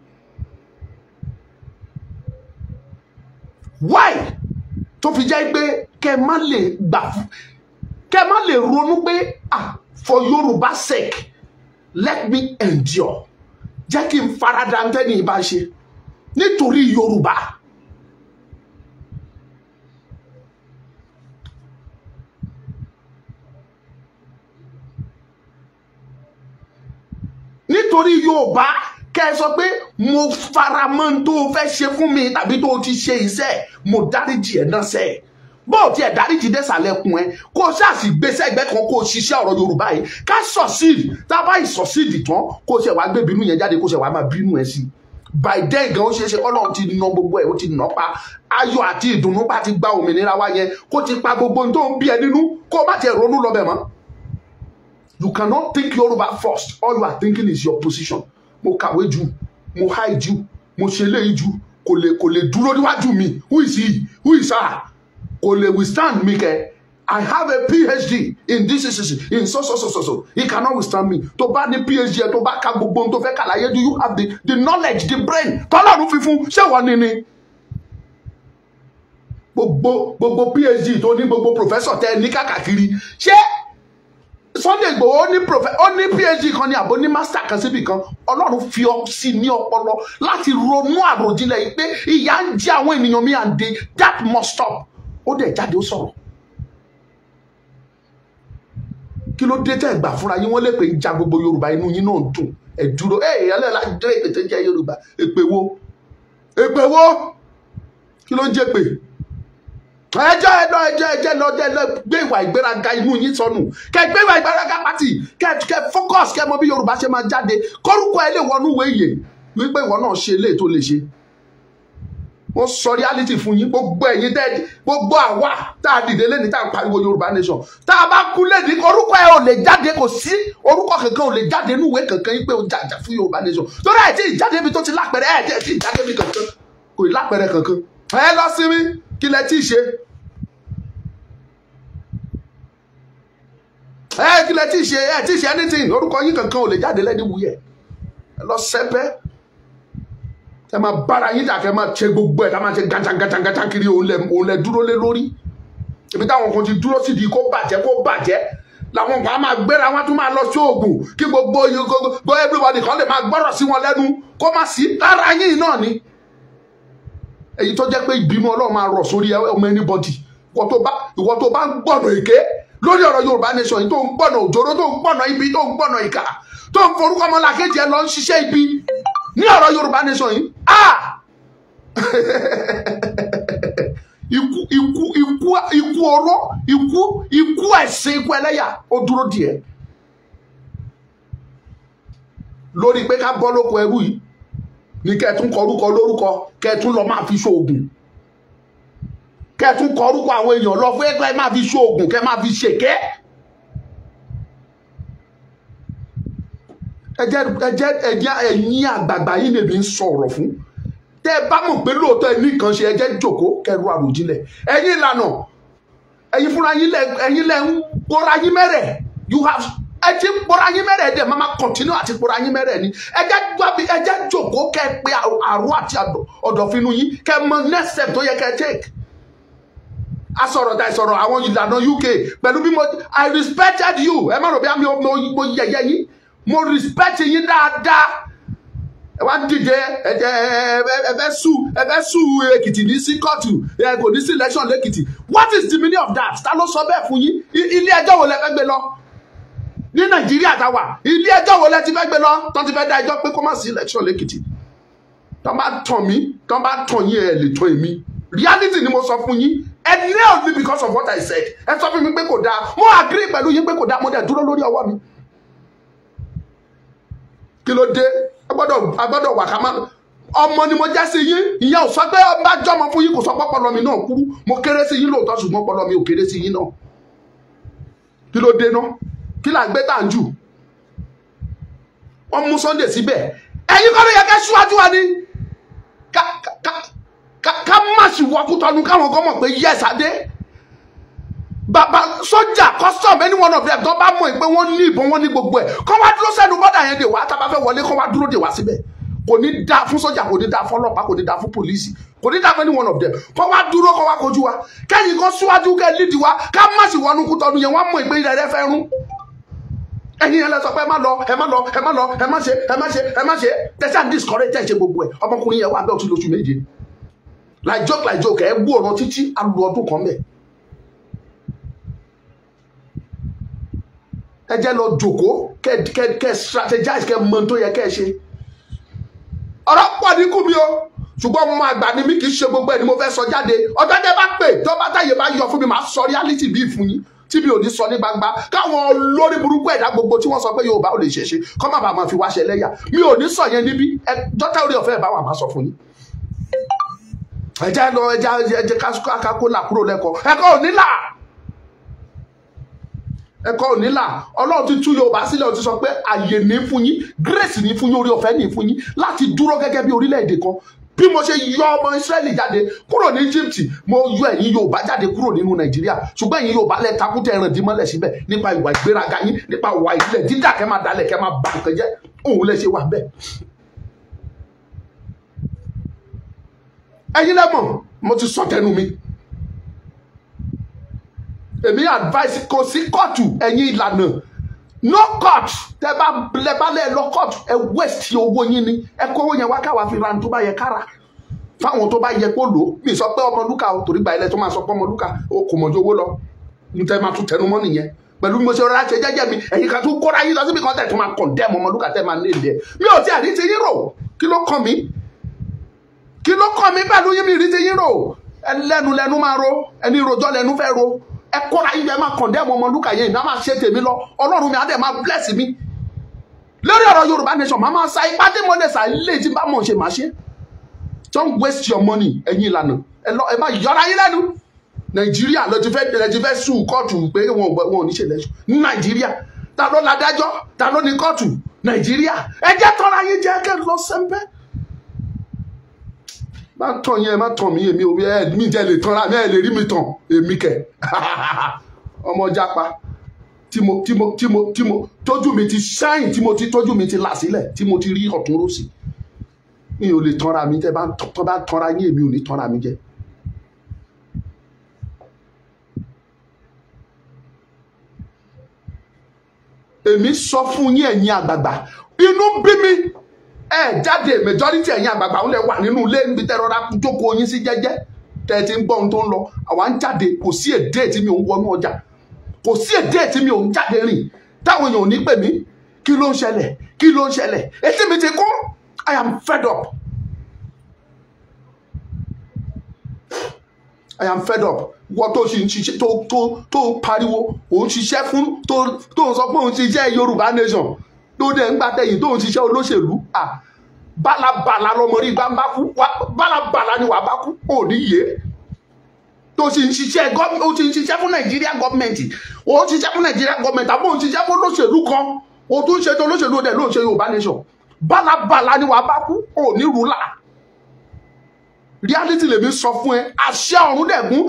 why tó fi jẹ́ pé kẹ́ má lè gbà kẹ́ má lè ronú pé ah for Yorùbá sake let me endure jẹ́ kí n farada tẹ́ni ìbá ṣe nítorí Yorùbá. nítorí Yorùbá kẹ́ sọ pé mo fara mọ́ n tó fẹ́ ṣe fún mi tàbí tó ti ṣe iṣẹ́ mo dáríjì ẹ̀ náà sẹ́ẹ̀ bó o tiẹ̀ dáríjì dẹ́sàlẹ̀kùn ẹ kó o ṣáà sì gbèsè ẹgbẹ́ kan kó o ṣiṣẹ́ ọ̀rọ̀ yorùbá yìí ká sọ̀síìdì tá a tán kó o ṣe wàá gbé bínú yẹn jáde kó o ṣe wàá máa bínú ẹ sí by then gan ó ṣeéṣe ọlọ́run ti na gbogbo ẹ̀ ó ti nà pa ayọ̀ àti ìdùnnú bá ti gba òmìnira wa yẹn kó ti pa gbogbo tó ń bí ẹ nínú kó o má tiẹ̀ ronú lọ bẹ̀ mọ́ you cannot think yorùbá first all you are thinking is your position mo kàwé jù mo háì jù mo ṣe léyìí jù kò lè kò lè dúró níwájú mi who is he who is her kò lè withstand mi kẹ I have a PhD in this is in so so so so so he cannot withstand me tó bá ní PhD ẹ tó bá ka gbogbo tó fẹ́ kàlàyé do you have the the knowledge the brain tọ́lọ́run fífún ṣé wọ́n ní ni gbogbo gbogbo PhD tó ní gbogbo professor tẹ́ ní kàkàkiri ṣé Sunday Igboho ó ní profe ó ní PhD kan ní àbó ní master kan síbi kan Ọlọ́run fi ọ sí ní ọpọlọ láti ronú àròjinlẹ̀ yìí pé ìyà ń jẹ àwọn ènìyàn mi and they that must stop ó dẹ̀ jáde ó sọ̀rọ̀ kí ló dé tẹ́ ẹ̀ gbà fúnra yín wọ́n lè pè ń ja gbogbo Yorùbá inú yín náà dùn ẹ̀ dúró ẹ̀ ìyálẹ̀ lájọ́ èpè tó jẹ́ Yorùbá èpè wo èpè wo kí ló ń jẹ́ pè ẹjọ́ ẹjọ́ ẹjọ́ ẹjọ́ lọ́jọ́ ẹjọ́ gbé ìwà ìgbéraga inú yín sọnù kẹ gbé ìwà ìgbéraga pátì kẹ kẹ focus kẹ mọ bí Yorùbá ṣe máa jáde kórúkọ ẹ lè wọnú ìwé ìyè wípé ìwọ náà ṣe eléyìí tó lè ṣe wọ́n sọ reality fún yín gbogbo ẹ̀yin tẹ́ gbogbo àwa tá a dìde lẹ́ni tá a pariwo Yorùbá nation tá a bá kú lẹ́ni orúkọ ẹ ò lè jáde kò sí orúkọ kankan ò lè jáde inú ìwé kankan yín pé o jàjà fún Yorùbá nation torí ẹ̀ tí ìjáde mi tó ti lápẹ̀rẹ̀ ẹ̀ tí ìjáde mi kankan kò lápẹ̀rẹ̀ kankan ẹ lọ sí mi kí lẹ tí ì ṣe ẹ kí lẹ tí ṣe ẹ tí ṣe anything orúkọ yín kankan ò lè jáde lẹ́ni wúyẹ̀ ẹ lọ sẹ́pẹ́ ẹ máa bára yín jà kẹ́ máa ṣe gbogbo ẹ̀ ká máa ṣe gàtàgàtàgàtà kiri òun lẹ dúró lé lórí ibi táwọn kan ti dúró sídìí kó bàjẹ́ kó bàjẹ́ làwọn kan á máa gbéra wọn tún máa lọ sóògùn kí gbogbo everybody kan lè máa gbọ́rọ̀ sí wọn lẹ́nu kó má sí lára yín náà ni èyí tó jẹ́ pé ìbínú ọlọ́run máa rọ̀ sórí ọmọ anybody ìwọ tó bá ìwọ tó bá ń gbọ̀nà èké lórí ọ̀rọ̀ yorùbá nation yìí tó ń gbọ̀nà òjòrò tó ń gbọ̀nà ibi tó ń gbọ̀nà ìkà tó ń forúkọ ọmọlàkejì ẹ lọ ń ṣiṣẹ́ ibi ní ọ̀rọ̀ yorùbá nation yìí ah ikú ikú ikú ikú oró ikú ikú ẹ̀sìn ikú ẹlẹ́yà ó dúró díẹ̀ lórí pé ká bọ́ lóko ẹrú yìí ni kẹtún kọrúkọ lórúkọ kẹtún lọ máa fi ṣoògùn kẹtún kọrúkọ àwọn èèyàn lọ fún ẹgbẹ́ máa fi ṣoògùn kẹ máa fi ṣèké ẹjẹ ẹjẹ ẹjẹ ẹ̀yin àgbààgbà yìí lèmi ń sọ̀rọ̀ fún tẹ́ ẹ bá mọ̀ pé lóòótọ́ ẹ ní kan ṣe ẹjẹ jòkó kẹrù àròjinlẹ̀ ẹ̀yin ìlànà ẹ̀yin fúnra yín lẹ ẹ̀yin lẹ ń kóra yín mẹrẹ you have ẹ ti ń pora yín mama ẹ̀dẹ̀ máa kọ̀ntínú àti pora yín mẹ́rẹ̀ ni ẹ jẹ́ gbàbí ẹ jẹ́ jòkó kẹ́ ẹ pé àrò àti ọ̀dọ̀fínú yín mọ next tó yẹ kẹ́ ẹ take a sọ̀rọ̀ ta ìsọ̀rọ̀ UK pẹ̀lú bí mo I respected you ẹ má rò bí àmì mo yẹ̀yẹ́ yín mo respect yín dáadáa ẹ wá dìde ẹ ẹ fẹ́ sùn ẹ fẹ́ sùn Èkìtì ní sí kóòtù ẹ kò ní sí election lẹ́kìtì what is the meaning of that ta ló sọ bẹ́ẹ̀ fún yín ilé ẹjọ́ wo lẹ fẹ́ gbé lọ ní nàìjíríà tá a wà ilé ẹjọ́ wo lẹ ti fẹ́ gbé lọ tó ti fẹ́ dá ẹjọ́ pé kó má sí election lẹ́kìtì tó bá tàn mí tó bá tàn yín ẹ lè tàn èmi reality ni mo sọ fún yín ẹ nail me because of what I said ẹ sọ fún mi pé kò dáa mo agree pẹ̀lú yín pé kò dáa mo dẹ̀ dúró lórí ọwọ́ mi kí ló dé a gbọ́dọ̀ wà ká má ọmọ ni mo já sí yín ìyẹn ò sọ pé ọba jọmọ fún yín kò sọ pọpọlọ mi náà kúrú mo kéré sí yín lóòótọ́ ṣùgbọ́n ọpọlọ mi ò kéré sí yín náà kí ló dé náà kí là ń gbé tàn jù wọ́n mú Sunday síbẹ̀ ẹ̀yin kọ́ ló yẹ kẹ́ ṣíwájú wa ni ká má sì wọkú tọdún káwọn kan mọ̀ pé yẹ́sà dé bàbá sọ́jà custom any one of them tó bá mọ̀ pé wọ́n ní ìbọn wọ́n ní gbogbo ẹ̀ kọ́ wá dúró sẹ́nu bọ́dà yẹn dè wá tá a bá fẹ́ wọlé kọ́ wá dúró dè wá síbẹ̀ kò ní da fún sọ́jà kò ní da fún ọlọ́pàá kò ní da fún pòlíìsì kò ní da fún any one of them kọ́ wá dúró kọ́ wá kojú wa kẹ́yìn kan síwájú kẹ́ lídìí wa ká má sì wọnú kú tọdún yẹn wọ́n mọ̀ pé ilẹ̀ rẹ fẹ́ rún ẹ̀yin ẹlẹ sọ pé ẹ má lọ ẹ má lọ ẹ má lọ ẹ má ṣe ẹ má ṣe ẹ má ṣe tẹsán discourage tẹsán gbogbo ẹ ọmọkùnrin yẹn wà bẹ́ẹ̀ ó ti lóṣù méje like joke like joke ẹ gbó ọ̀rọ̀ títí alu ọdún kan bẹ̀. ẹ jẹ́ lọ jókòó kẹ́ kẹ́ kẹ́ strategize kẹ́ mọ tó yẹ kẹ́ ṣe. ọ̀rọ̀ pọ̀ ní kú mi o ṣùgbọ́n mo máa gbà ní mi kì í ṣe gbogbo ẹ̀ ni mo fẹ́ sọ jáde ọjọ́ tẹ́ bá pè tó bá táyé bá yọ fún mi màá sọ reality bíi fún yín tí mi ò ní sọ ní gbangba káwọn olórí burúkú ẹ̀dá gbogbo tí wọ́n sọ pé Yorùbá ò lè ṣèṣe kọ́ má bàa máa fi wá ṣe lẹ́yà mi ò ní sọ yẹn níbí dọ́tà orí ọ̀fẹ́ ìbáwọ̀ àmà sọ fún yín ẹ̀jẹ̀ lọ ẹ̀jẹ̀ ẹ̀jẹ̀ kákólà kúrò lẹ́kọ̀ọ́ ẹ̀kọ́ ò nílà ẹ̀kọ́ ò nílà ọlọ́run ti tú Yorùbá sílẹ̀ ó ti sọ pé àyè ní fún yín grace ní fún yín orí ọ̀fẹ́ ní fún yín láti dúró gẹ́gẹ́ bí orílẹ̀-èdè kan bí mo ṣe yọ ọmọ Ísírẹ́lì jáde kúrò ní Egypt mo yọ ẹ̀yin Yorùbá jáde kúrò nínú Nàìjíríà ṣùgbọ́n ẹ̀yin Yorùbá lẹ takú tẹ ẹran dímọ́lẹ̀ síbẹ̀ nípa ìwà ìgbéraga yín nípa ìwà ìlẹ̀ dídà kẹ́ máa dalẹ̀ kẹ́ máa bà nǹkan jẹ́ òun lẹ ṣe wà bẹ́ẹ̀. ẹ̀yin lẹ́mọ̀ mo ti sọ tẹnu mi èmi advice kò sí kóòtù ẹ̀yin ìlànà no court tẹ bá lẹ bá lẹ lọ court ẹ waste owó yín ni ẹ kówó yẹn wá káwa fi ran tó bá yẹ kára fáwọn tó bá yẹ kó lò ó mi sọ pé Ọmọlúkà o torí gba ilẹ̀ tó máa sọ pé Ọmọlúkà o kò mọ̀jú owó lọ n tẹ máa tún tẹnu mọ́ nìyẹn pẹ̀lú mo ṣe rọra ṣe jẹ́jẹ́ mi ẹ̀yin kan tún kóra yín lọ síbi kan tẹ̀ tún máa condemn Ọmọlúkà tẹ̀ máa ní èdè mi ò tí àrí ti yín rò kí ló kàn mí kí ló kàn mí pẹ̀lú yín mi rí ti yín rò ẹlẹ́nu lẹ́nu máa ro ẹni rojọ́ lẹ́nu fẹ́ ro ẹ kóra yín bẹ́ẹ̀ máa kàn dẹ́mu Ọmọlúkà yẹn ìná máa ṣe tèmi lọ ọlọ́run mi á dẹ̀ máa bless mi lórí ọ̀rọ̀ Yorùbá nation máa máa sa ipá dé mọ́lẹ̀ sá ilé tí bá mọ̀ ṣe máa ṣe don't waste your money ẹ̀yin ìlànà ẹ lọ ẹ má yọra yín lẹ́nu Nàìjíríà lọ ti fẹ́ lọ ti fẹ́ sùn kóòtù pé wọn ò ní ṣe lẹ́sùn ní Nàìjíríà ta ló ladájọ́ ta ló ní kóòtù Nàìjíríà ẹ jẹ́ tọ́ra yín jẹ́ kẹ́ lọ sẹ́ńpẹ́ má tàn yín ẹ má tàn mí èmi òwe ẹ mi jẹ lè tanra mi ẹ lè rí mi tàn èmi kẹ ọmọ japa tí mo tí mo tí mo tí mo tójú mi ti ṣáìn tí mo ti tójú mi ti là sílẹ̀ tí mo ti rí ọ̀tún rọ́ọ̀sì mi ò lè tanra mi jẹ tó bá tanra yín èmi ò ní tanra mi jẹ. èmi sọ fún yín ẹ̀yin àgbààgbà inú bí mi ẹ jáde majority ẹ̀yin àgbààgbà ń lẹ wà nínú ilé níbi tẹ́ rọra jókòó yín sí jẹ́jẹ́ tẹ́ ẹ ti ń gbọ́ ohun tó ń lọ àwa ń jáde kò sí èdè tí mi ò ń wọnú ọjà kò sí èdè tí mi ò ń jáde rìn táwọn èèyàn ò ní pè mí kí ló ń ṣẹlẹ̀ kí ló ń ṣẹlẹ̀ etí mi ti kú I am fed up I am fed up wọ́n tó ṣe ń ṣiṣẹ́ tó tó tó pariwo òun ṣiṣẹ́ fún tó tó sọ pé òun ṣiṣẹ́ Yorùbá nation lóde ń gbàtẹ́yìn tó ń ṣiṣẹ́ olóṣèlú à bálabàla lọmọ rí gbàmbá kú Balabala ni wàá bá kú ò ní yé tó sì ń ṣiṣẹ́ ó ti ń ṣiṣẹ́ fún nàìjíríà gọ́ọ̀mẹ̀ntì ó ń ṣiṣẹ́ fún nàìjíríà gọ́ọ̀mẹ̀ntì àbó ń ṣiṣẹ́ fún olóṣèlú kan ó tún ṣe tó olóṣèlú dẹ̀ ló ń ṣe yorùbá nation bálabàla ni wàá bá kú ò ní rúlà reality lèmi sọ fún ẹ àṣẹ ọ̀run dẹ̀kún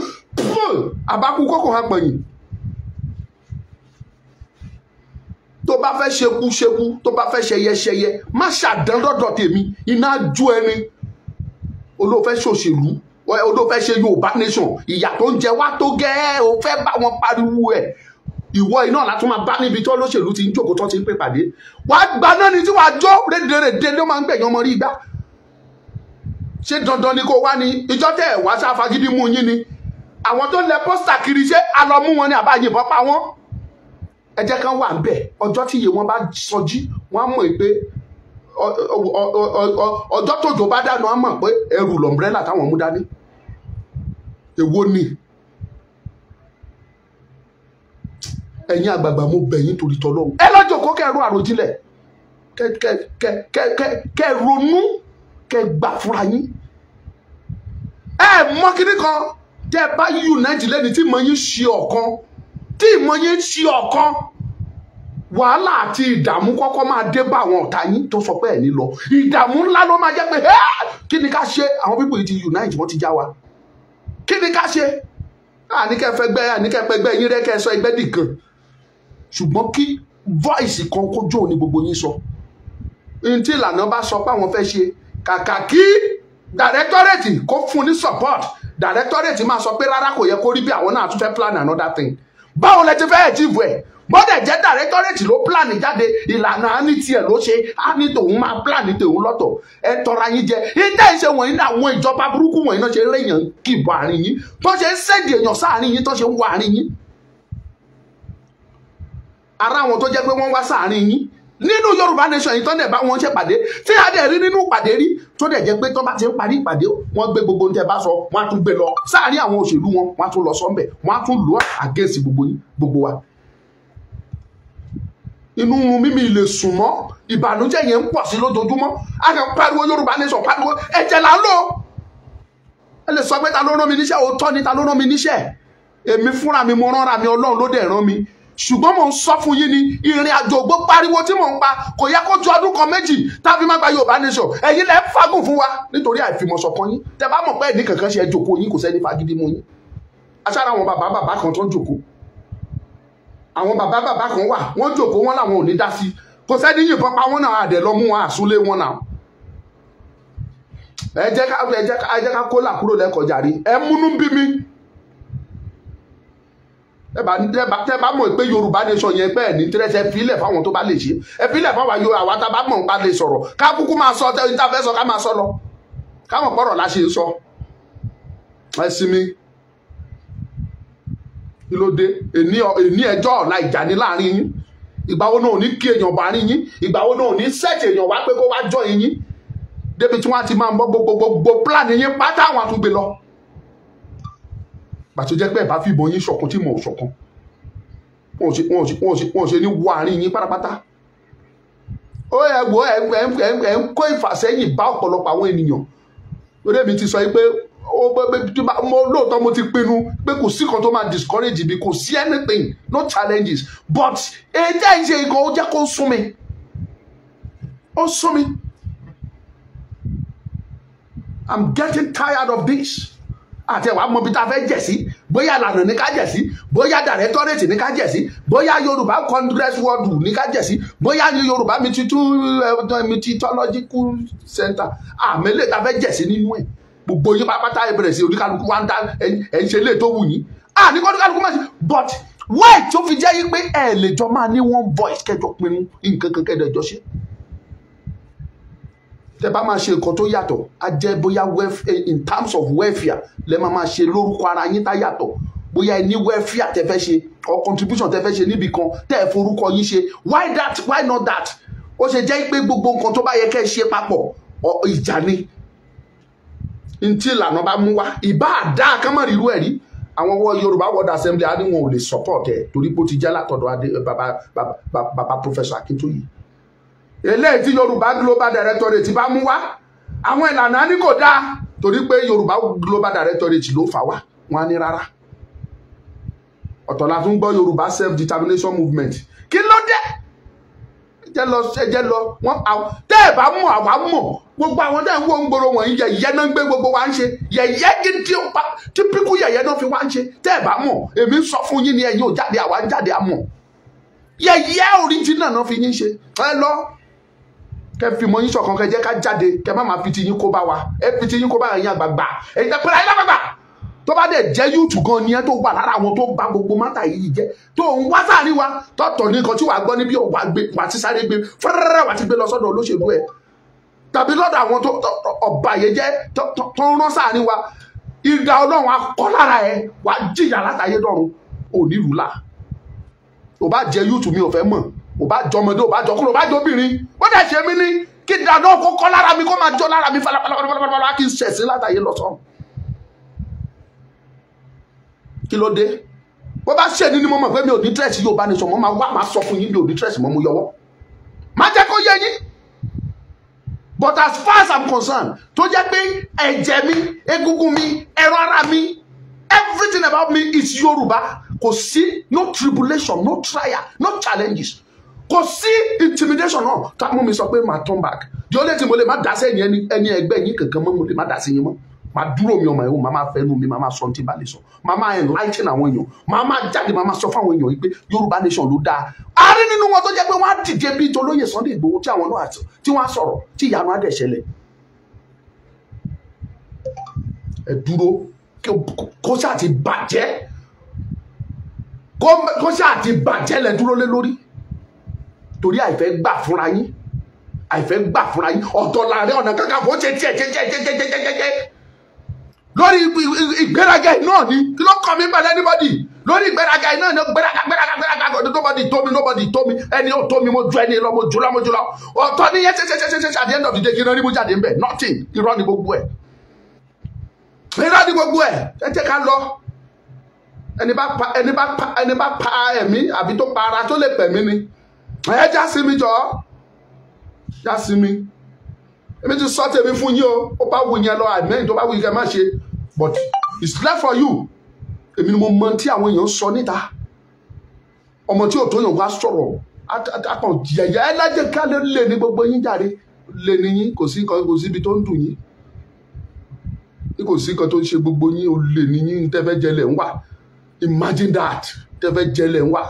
àbákú kọ́kọ́ hàn pẹ̀yìn tó bá fẹ́ ṣekú ṣekú tó bá fẹ́ ṣẹyẹ ṣẹyẹ má ṣàdán lọ́dọ̀ tèmi iná jó ẹni olóòfẹ́ ṣòṣèlú olóòfẹ́ ṣe yorùbá nation ìyà tó ń jẹ wá tó gẹ́ o fẹ́ bá wọn pariwo ẹ̀ ìwọ iná látún máa bá níbi tó lóṣèlú ti ń jókòó tó ti ń pè pàdé wàá gbaná ni tí wàá jó rédèrèdè ló máa ń gbẹ̀yìn ọmọ rí igbá ṣé dandan ni kó wá ní ìjọ tẹ ẹ wá sáfagídí mú yín ni àwọn tó lẹ pósítà kiri ṣé a mú wọn ni àbá yìnbọn pa wọn ẹ jẹ́ kán wà ń bẹ̀ ọjọ́ tí iye wọn bá sọjí wọ́n á mọ̀ pé ọjọ́ tòjò bá dànù á mọ̀ pé ẹrù lọ̀mbrẹ́là táwọn mú dání èwo ni ẹ̀yin àgbààgbà mo bẹ̀ yín torí tọ́lọ́hún ẹ lọ́jọ́ kó kẹ́ ẹ rò àròjinlẹ̀ kẹ́ kẹ́ kẹ́ kẹ́ kẹ́ ronú kẹ́ gbà fúnra yín ẹ mọ́ kíní kan tẹ́ ẹ bá yí unite lẹ́ni tí mo yín ṣe ọ̀kan tí ìmọ̀ yẹn ń ṣe ọ̀kan wàhálà àti ìdààmú kọ́kọ́ máa dé bá àwọn ọ̀tá yín tó sọ pé ẹ̀ ní lọ ìdààmú ńlá ló máa jẹ́ pé kí ni ká ṣe àwọn pípò yìí ti unite wọ́n ti já wa kí ni ká ṣe àníkẹ́fẹ́gbẹ́ àníkẹ́fẹ́gbẹ́ yín rẹ́kẹ́ sọ ẹgbẹ́ nìkan ṣùgbọ́n kí voice kan kójú òní gbogbo yín sọ n tí ìlànà bá sọ pé àwọn fẹ́ ṣe kàkà kí directorate kó fún ní support directorate máa sọ pé rárá kò yẹ kó rí bí àwọn náà tún fẹ́ plan another thing báwo lẹ ti fẹ́ ẹ̀jìbù ẹ̀ bọ́dẹ̀ jẹ́ dàrẹ́tọ́rẹ́tì ló pílànì jáde ìlànà àní tiẹ̀ ló ṣe àní tòun máa pílànì tòun lọ́tọ̀ ẹ tọra yín jẹ ìdá ìṣe wọ̀nyí ní àwọn ìjọba burúkú wọ̀nyí náà ṣe léèyàn kìbọ̀ àárín yín tó ṣe ń ṣèdè èèyàn sáàárín yín tó ṣe ń wọ àárín yín ara àwọn tó jẹ́ pé wọ́n wá sáàárín yín nínú yorùbá nation yìí tán dẹ̀ bá wọn ṣe pàdé tí a dẹ̀ rí nínú pàdé rí tó dẹ̀ jẹ́ pé tán bá ti ń parí ìpàdé wọ́n gbé gbogbo ohun tẹ́ bá sọ wọ́n á tún gbé lọ sáàárín àwọn òṣèlú wọn wọ́n á tún lọ sọ́ńbẹ̀ wọ́n á tún lù ọ́ àgẹ́sì gbogbo yín gbogbo wa. inú mímí lè sùn mọ́ ìbànújẹ́ yẹn ń pọ̀ sí lójoojúmọ́ a kàn pariwo yorùbá nation pariwo ẹ̀jẹ̀ là ń lò ẹ lè sọ pé ta ló rán mi níṣẹ́ òótọ́ ni ta ló rán mi níṣẹ́ mi ṣùgbọ́n mò ń sọ fún yín ni ìrìn àjò ògbó pariwo tí mò ń pa kò yẹ kó ju ọdún kan méjì tá a fi máa gba yorùbá nation ẹ̀yin lẹ́ ń fagùn fún wa nítorí àìfimọ̀ṣọ̀kan yín tẹ bá mọ̀ pé ẹ̀ní kankan ṣe jòkó yín kò sẹ́ni fagídí mú yín aṣáára àwọn bàbá bàbá kan tó ń jòkó àwọn bàbá bàbá kan wà wọ́n jòkó wọn làwọn ò ní dá sí kò sẹ́ni yìnbọn pa wọn náà àdẹ̀ lọ mú wọn àsúlé wọn náà ẹ jẹ́ ká kó làkúrò lẹ́kọ̀ọ́ jàre ẹ múnú bí mi tẹ́bà tẹ́bà mọ̀ pé yorùbá nation yẹn bẹ́ẹ̀ ní tẹ́lẹ̀ tẹ́ filẹ̀ fáwọn tó bá lè ṣe ẹ filẹ̀ fáwọn ayò àwa tá a bá mọ̀ nípa lè sọ̀rọ̀ ká kúkú máa sọ tẹ́ ìta fẹ́ sọ ká máa sọ lọ káwọn gbọ́rọ̀ la ṣe ń sọ ẹ sinmi kí ló dé èní ẹjọ́ ọ̀la ìjà ní láàrin yín ìgbà wo náà ò ní kí èèyàn bá rí yín ìgbà náà ò ní sẹ́ẹ̀tì èèyàn wá pé kó wá jọ yín débi tí wọ́n ti máa mọ gbogbo gbogbo pàtó jẹ́ pé ẹ̀ bá fìbọn yín ṣọ̀kan tí mo ṣọ̀kan wọn ò ṣe ní wọ àárín yín pátápátá ó ẹ wo ẹ ń kó ìfàsẹ́yìn bá ọ̀pọ̀lọpọ̀ àwọn ènìyàn lórí èmi ti sọ yìí pé ó bẹ́ẹ̀ mo lóòótọ́ mo ti pinnu pé kò sí kan tó máa discourage mi kò sí anything no challenges but ètò ìṣe nǹkan ó jẹ́ kó sún mi ó sún mi I'm getting tired of this àti ẹ̀wà mọ bí tá a fẹ́ jẹ̀ sí bóyá lànà ní ká jẹ̀ sí bóyá dàrẹ́tọ́rẹ́tì ní ká jẹ̀ sí bóyá yorùbá congress world ní ká jẹ̀ sí bóyá yorùbá mititological center àmẹ́lẹ̀ tá a fẹ́ jẹ̀ sí nínú ẹ̀ gbogbo yín pátá ẹ bẹ̀rẹ̀ sí oníkálukú wa ń dá ẹ̀ ṣe lè tó wù yín à ní kọ́ńtàkálukú mọ̀ but why tó fi jẹ́ yí pé ẹ̀ lè jọ máa ní one voice kẹjọ pinnu nǹkan kankan ẹ̀dẹ̀jọ ṣe tẹ bá máa ṣe nǹkan tó yàtọ̀ á jẹ́ bóyá eh, in terms of welfare lẹ máa máa ṣe lórúkọ ara yín tá yàtọ̀ bóyá ẹ ní welfare tẹ fẹ́ ṣe or contribution tẹ fẹ́ ṣe níbi kan tẹ ẹ forúkọ yín ṣe why that why not that ó ṣe jẹ́ pé gbogbo nǹkan tó bá yẹ kẹ́ ẹ ṣe papọ̀ ìjà ni ntí ìlànà bá mú wá ìbá àdá kámọ̀ rírú ẹ̀rí àwọn wọ Yorùbá World Assembly á ní wọn ò lè support ẹ torí pé ó ti jẹ́ látọ̀dọ̀ eh, bàbá professor Akintoye eléyìí tí yorùbá global directorate bá mú wá àwọn ìlànà á ní kò dáa torí pé yorùbá global directorate ló fà wá wọn á ní rárá ọ̀tọ̀ la tún gbọ́ yorùbá self determination movement kí ló dé jẹ́ lọ jẹ́ lọ wọ́n àwọn tẹ́ ẹ̀ bá mọ̀ àwa mọ̀ gbogbo àwọn tẹ́ ẹ̀ ń wò ń gbòòrò wọ̀nyí yẹ̀yẹ́ náà ń gbé gbogbo wa ń ṣe yẹ̀yẹ́ gidi pa típíkù yẹ̀yẹ́ náà fi wá ń ṣe tẹ́ ẹ̀ bá mọ̀ èmi sọ fún yín ni ẹ̀yin ò jáde àwa ń jáde àmọ̀ yẹ̀yẹ́ oríjìnà náà fi yín ṣe ẹ lọ kẹ fi mọ yín ṣọ̀kan kẹ jẹ́ ká jáde kẹ má máa fi ti yín kó bá wa ẹ fi ti yín kó bá yín àgbààgbà èyí tẹ pẹ́lá yín lágbàgbà tó bá dẹ̀ jẹ́ yúùtù gan ni ẹ tó wà lára àwọn tó bá gbogbo mátà yìí jẹ́ tó ń wá sáàrin wa tọ̀tọ̀ ní tí wàá gbọ́ níbi ọ̀wà gbé wà ti sáré gbé fẹ́rẹ́rẹ́ wà ti gbé lọ sọ́dọ̀ olóṣèlú ẹ̀ tàbí lọ́dọ̀ àwọn tó ọ̀bà yẹn jẹ́ tó ń rán sáàrin wa ìdá ọlọ́run akọ lára ẹ wàá jìyà látàyé dọ̀run òní rúlà tó bá jẹ́ yúùtù mi ò fẹ́ mọ̀ ò bá jọ ọmọdé ò bá jọ kúrò ò bá jọ obìnrin ó dẹ̀ ṣe mí ní kí dàdá ọkọ̀ kọ́ lára mi kó máa jọ lára mi falapalapalapalapala kí n ṣẹ̀sìn látàyè lọ́sàn. kí ló dé bó bá ṣe ní ni mo mọ̀ pé mi ò ní tírẹ̀sì yóò bá ní sọ mo máa wá máa sọ fún yín mi ò ní tírẹ̀sì mọ́ mo yọwọ́ má jẹ́ kó yé yín but as far as i'm concerned tó jẹ́ pé ẹ̀jẹ̀ mi egungun mi ẹran ara mi everything about me is Yorùbá kò sí no tribulation no trial no challenges kò sí intimidation náà tá a mú mi sọ pé màá turn back the only thing mo lè má dá sí ẹ̀yìn ẹni ẹgbẹ́ yín kankan mọ́ mo lè má dá sí yín mọ́ màá dúró mi ọmọ ẹ̀ wò màá máa fẹ́nu mi màá máa sọ ti balẹ̀ sọ màá máa enlighten àwọn èèyàn màá máa jáde màá máa sọ fáwọn èèyàn yìí pé Yorùbá nation ló dáa a rí nínú wọn tó jẹ́ pé wọ́n á dìde bíi tolóyè Sunday Ìgbòho tí àwọn náà tí wọ́n á sọ̀rọ̀ tí ìyanu á ṣẹlẹ̀ ẹ dúró kó ṣáà ti bàjẹ́ kó ṣáà ti bàjẹ́ lẹ dúró lé lórí torí àìfẹ́ gbà fúnra yín àìfẹ́ gbà fúnra yín ọ̀tọ̀ làárẹ̀ ọ̀nà kakanfò ṣe tiẹ̀ ṣe ṣe ṣe ṣe ṣe ṣe ṣe lórí ìgbéraga náà ni kí ló kọ́ mi pẹ̀lú anybody lórí ìgbéraga náà ni gbéraga gbéraga gbéraga nobody tó mi nobody tó mi ẹni ó tó mi mo ju ẹni lọ mo jù lọ mo jù lọ ọ̀tọ̀ ni yẹn ṣe ṣe ṣe ṣe ṣe at the end of the day kí ló ní mo jáde ńbẹ nothing irọ́ ni gbogbo ẹ̀ irọ́ ni gbogbo ẹ̀ ẹ jẹ́ ká lọ ẹni bá pa ẹni bá pa ẹni bá pa ẹ̀mí àbí tó pa ara tó lè pẹ̀mí ni ẹ já sí mi jọ já sí mi èmi ti sọ tèmi fún yín o ó bá wù yẹn lọ àmẹ́yìn tó bá wù yín kẹ́ má ṣe but it's left for you èmi ni mo mọ tí àwọn èèyàn sọ níta ọmọ tí ò tó yàn wá sọ̀rọ̀ akàn jẹ̀yẹ́ ẹlẹ́jẹ̀ ká lè lè ní gbogbo yín jáde lè ní yín kò sí nǹkan kò sí ibi tó ń dùn yín bí kò sí nǹkan tó ń ṣe gbogbo yín ò lè ní yín tẹ́fẹ́ jẹlẹ̀ ń wà imagine that tẹ́fẹ́ jẹlẹ̀ ń wà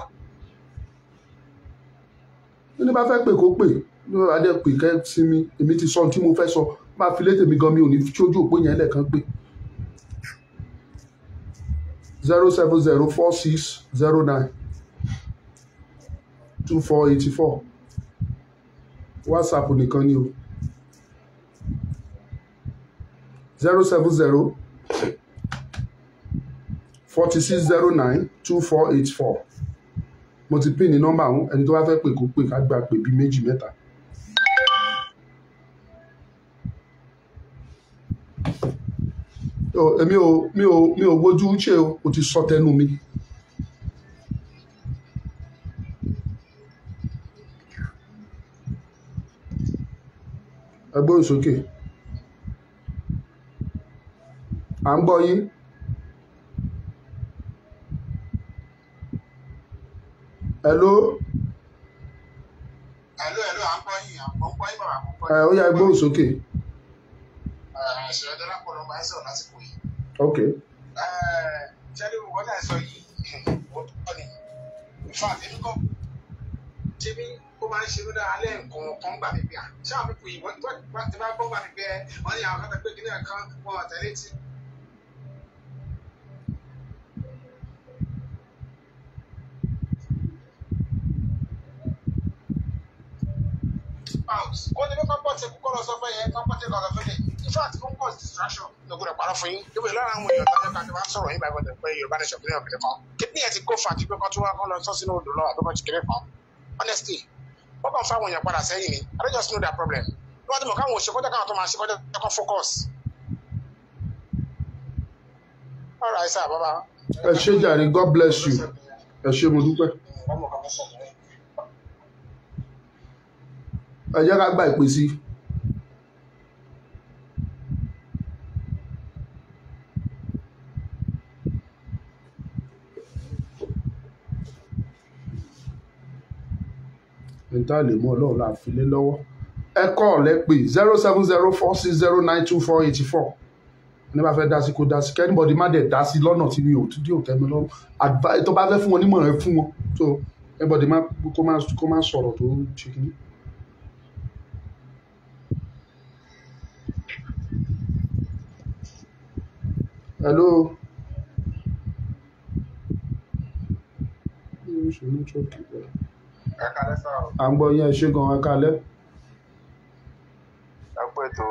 tó ní bá fẹ́ pè kó pè ní bá pè kẹ́ sí èmi ti sọ ohun tí mo fẹ́ sọ máa fi létè gan mi ò ní ṣojú òpó yẹn lẹ́ẹ̀kan pè. zero seven zero four six zero nine two four eighty four whatsapp nìkan ni o zero seven zero forty six zero nine two four eight four mo ti pín ní nọ́mbà ọ̀hún ẹni tó bá fẹ́ pè kó pè ká gba pè bíi méjì mẹ́ta. èmi eh, ò mi ò mi ò gbójú ṣe o ti sọ tẹnu mi. ẹ gbóhùn sókè à ń gbọ́ yín. hello. hello hello à ń pọ́ yìí à ń pọ́ ń pọ́ yìí bàbá àkọ́kọ́. ẹ ó yá gbóhùn sókè. ṣèlè dọ́là pọ̀ máa ń ok. ṣẹ́ni wọ́n náà sọ yìí wọ́n tọ́ ni ìfọ̀ àtẹ́mí kọ́ ṣé bí ó máa ń ṣe ló dára alẹ́ nǹkan kan gbà mí bíà ṣé àwọn pípọ̀ yìí wọ́n ti bá gbọ́ gbà mí bẹ́ẹ̀ wọ́n ní àwọn kan pounds ó ní bí kọ́ńpọ̀tì kúkọ́ lọ sọ fún yẹn kọ́ńpọ̀tì lọ sọ fún yẹn in fact ń pọ̀ distraction ló gbọdọ̀ fún yín lóbi lára àwọn èèyàn tọ́jú kan tó bá ń sọ̀rọ̀ yín báyìí gbọdọ̀ pé Yorùbá nation kìnìún ọ̀kìnrin kan kìnìún ti kó fà pé kọ́ tó wá kọ́ lọ sọ sínú odò lọ àbí ti kìnìún kan honestly ó kàn fáwọn èèyàn padà sẹ́yìn ni I don't just know that problem lọ́wọ́ tí mo káwọn òṣèkọ́ jẹ́ káwọn tó máa ṣe kọ́ jẹ́ kọ́ focus. ẹ ṣé jàre God bless you ẹ ṣé mo dúpẹ́ ẹ jẹ́ ká gba ìpè sí i. níta lè ọlọ́run la fi lé lọ́wọ́ ẹ kọ́ ọ̀lẹ́ zero seven zero four six zero nine two four eighty four ní bá fẹ́ dá sí kó dá sí kẹ́nìbọ̀dì má dẹ̀ dá sí lọ́nà tí mi ò tún dé òtẹ́ mi lọ́rùn tó bá fẹ́ fún wọn nímọ̀ràn ẹ fún wọn tó kẹ́nìbọ̀dì kó má sọ̀rọ̀ tó ṣe kìíní. Hello. À ń gbọ́ yín ẹ ṣé gan-an ẹ kálẹ́. Ẹ pé tó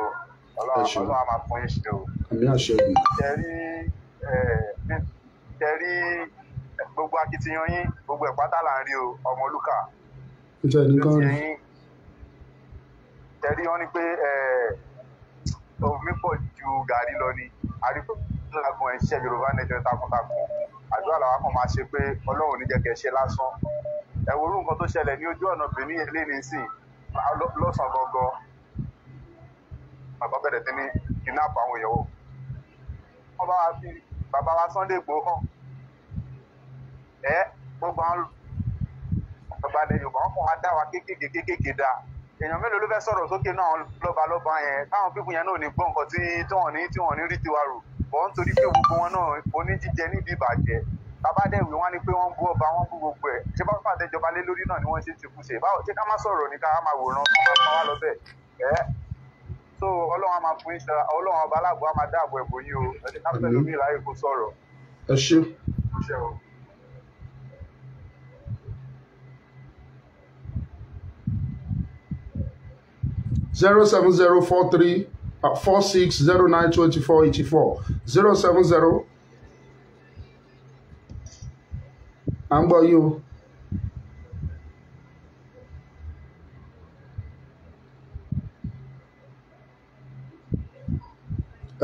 ọlọ́run ọlọ́run a máa fún yín ṣe o. Àmì àṣẹgun. Tẹ̀rí gbogbo akitiyan yín gbogbo ẹ̀ pátá là ń rí o ọmọlúkà. Ìjẹ́ nìkan rí. Tẹ̀rí wọn ni pé omi pọ̀ ju gàrí lọ ni. Àríkò lágùn ẹ̀ ṣiṣẹ́ yorùbá nation takuntakun àdúrà làwọn kan máa ṣe pé ọlọ́run ní jẹ́ kẹ́ ṣe lásán ẹ wo irú nǹkan tó ṣẹlẹ̀ ní ojú ọ̀nà benin ilé nísìn lọ́sàn gọ́gọ́ bàbá bẹ̀rẹ̀ sí ní kidnap àwọn èèyàn o wọ́n bá wa fi bàbá wa Sunday Igboho hàn ẹ ó gbà ń bàbá ilẹ̀ yorùbá wọn kàn wá dá wa kéékèèké kéékèèké dáa èèyàn mélòó ló fẹ́ sọ̀rọ̀ sókè náà lọ́balọ́ba yẹn táwọn pípù yẹn náà ò ní gbọ́ nǹkan tí wọ́n ní tí wọ́n ní rí tiwa rò ṣùgbọ́n nítorí pé gbogbo wọn náà oníjíjẹ níbi ìbàjẹ́ bàbá dẹ̀wé wọn ni pé wọ́n bú ọba wọ́n bú gbogbo ẹ̀ ṣé bá fàtẹ́ jọba lé lórí náà ni wọ́n ṣe ti kú ṣe báwo ṣé ká má sọ̀rọ̀ ní ká má wòran ká wá lọ bẹ́ẹ̀ ẹ́ so ọlọ́run á máa fún yín ṣara ọlọ́run ọba aláàbò á máa dáàbò ẹ̀bùn yín o ẹ zero seven zero four three. Uh, four six zero nine twenty four eighty four zero seven zero. à ń gbọ́ yín o.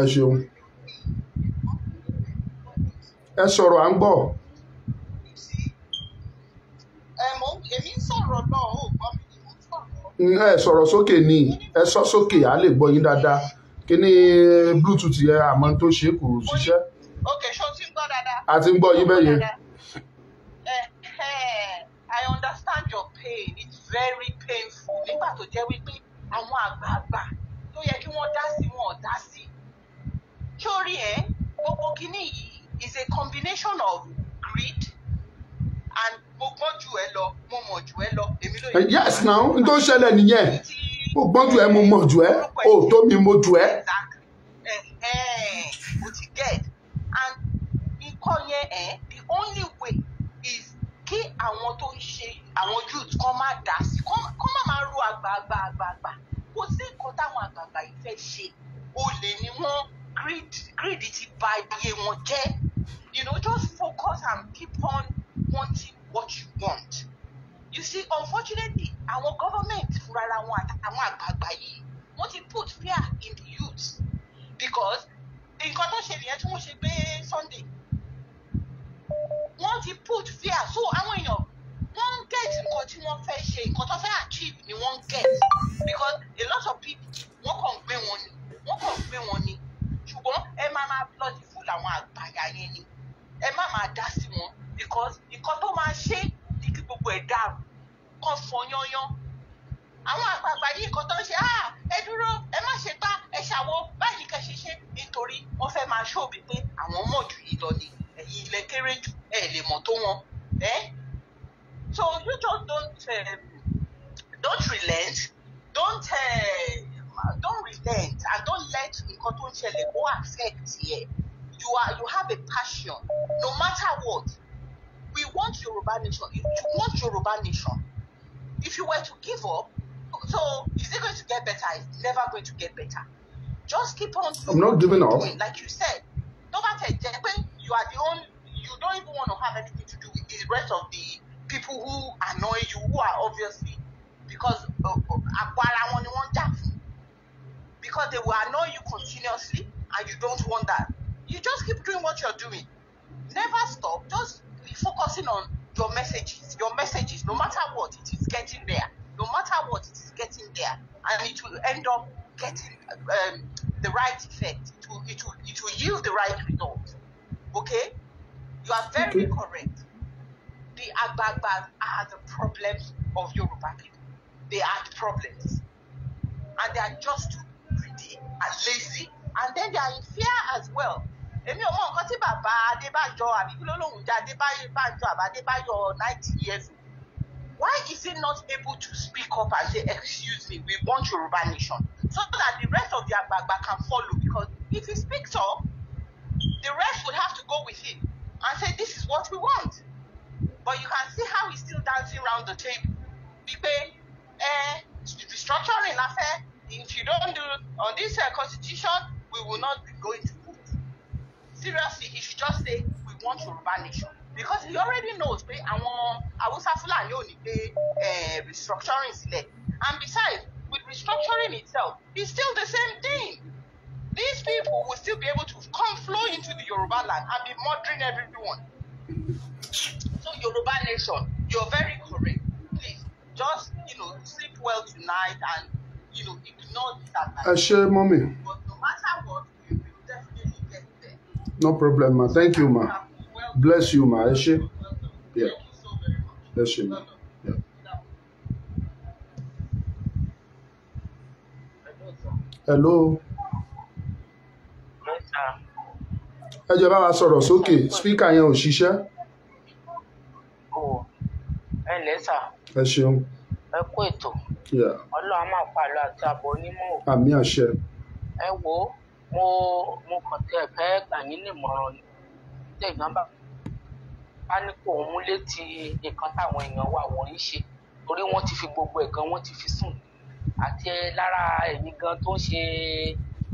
ẹ ṣeun ẹ sọ̀rọ̀ à ń gbọ́. èmi ń sọ̀rọ̀ náà o oh, ẹ sọ̀rọ̀ sókè ni ẹ sọ sókè á lè gbọ́ yín dáadáa kí ni bluetooth yẹ àmọ́ tó ṣe kò ṣiṣẹ́. ok ṣó ti ń gbọ́ dáadáa. a ti ń gbọ́ yín bẹ́ẹ̀ yẹn. I understand your pain it's very painful nígbà tó jẹ́ wípé àwọn àgbààgbà tó yẹ kí wọ́n dá sí wọn ò dá sí. sórí ẹ gbogbo kínní yìí is a combination of greed Eh, yes now n tó ṣẹlẹ̀ nìyẹn mo gbọ́n jù ẹ mo mọ̀ jù ẹ o tó mi mo jù ẹ. Eh, eh, mo ti get and nǹkan yẹn eh, the only way is kí àwọn tó ń ṣe àwọn youth kan má dá sí kán má máa ro àgbààgbà àgbààgbà kò sí nǹkan táwọn àgbààgbà yìí fẹ́ ṣe olè ni wọ́n greed ti bà ayé wọn you know just focus and keep on wanting what you want you see unfortunately our government fúnra wọn àtàwọn àgbààgbà yìí wọ́n ti put fear in the youth because in tó ṣe nìyẹn tí wọ́n ṣe Sunday wọ́n he put fear so àwọn èèyàn wọ́n ń get nǹkan tí wọ́n fẹ́ ṣe nǹkan tó fẹ́ achieve ni wọ́n get because a lot of people wọ́n kàn gbé wọn ni wọ́n kàn gbé wọn ni ṣùgbọ́n ẹ máa máa bloody full àwọn àgbàyà yẹn ni ẹ má máa dá sí wọn because nǹkan tó máa ṣe ni kí gbogbo ẹ̀ dàrú kàn fọ yányán àwọn àgbààgbà yìí nǹkan tó ń ṣe ah ẹ dúró ẹ má ṣe tán ẹ ṣàwo báyìí kẹ ṣe ṣe nítorí wọ́n fẹ́ máa ṣóòbí pé àwọn mọ̀ jù yìí lọ ni ẹ̀yin ilẹ̀ kéré jù ẹ lè mọ̀ tó wọn ẹ so you just don't uh, don't relent don't uh, don't relent and don't let nǹkan tó ń ṣẹlẹ̀ kó affect yẹ. You are you have a passion. No matter what, we want Yoruba nation. You want Yoruba nation. If you were to give up, so is it going to get better? It's never going to get better. Just keep on. I'm not giving up. Like you said, matter when you are the only. You don't even want to have anything to do with the rest of the people who annoy you, who are obviously because Akwara uh, uh, because they will annoy you continuously, and you don't want that you just keep doing what you're doing. Never stop. Just be focusing on your messages. Your messages, no matter what, it is getting there. No matter what, it is getting there, and it will end up getting um, the right effect. It will, it will, it will yield the right result. Okay, you are very okay. correct. The Agbagbas are the problems of Yoruba people. They are the problems, and they are just too greedy and lazy, and then they are in fear as well. èmi ò mọ nǹkan tí bàbá Adébáyọ àbí kí ló lóun jẹ Adébáyọ àbá Adébáyọ ninety years ago why is he not able to speak up and say excuse me we want Yoruba nation so that the rest of the àgbààgbà can follow because if he speaks up the rest would have to go with him and say this is what we want but you can see how he's still dancing round the table wípé eh, restructuring la fẹ́ if you don't do on this uh, constitution we will not be going to seriously he should just say we want Yoruba nation because he already knows pé àwọn Hausa Fulani ò ní gbé eh, restructuring sílẹ̀ and besides with restructuring itself it's still the same thing these people will still be able to come flow into the Yoruba land and be murdering everyone so Yoruba nation you're very correct please just you know sleep well tonight and you know ignore this advice. ẹ ṣe mọ́mì. but no matter what No problem, ma. Thank you, ma. Bless you, ma. Is she? Yeah. Bless you, ma. Yeah. Hello. Ẹ jẹ́ bá wa sọ̀rọ̀ sókè, spíkà yẹn ò ṣiṣẹ́. Ẹ ǹlẹ́ sà. Ẹ ṣeun. Ẹ kú ètò. Ọlọ́run máa pàlọ́ àti àbọ̀ onímọ̀. Àmì àṣẹ. Ẹ wò ó mo mo kàn tẹ fẹ́ gbà yín nímọ̀ràn ni tẹ ìyànbá bá ní kó òun létí nǹkan táwọn èèyàn wà wọ́n ń ṣe torí wọ́n ti fi gbogbo ẹ̀gán wọ́n ti fi sùn àti lára ẹ̀yin gan tó ń ṣe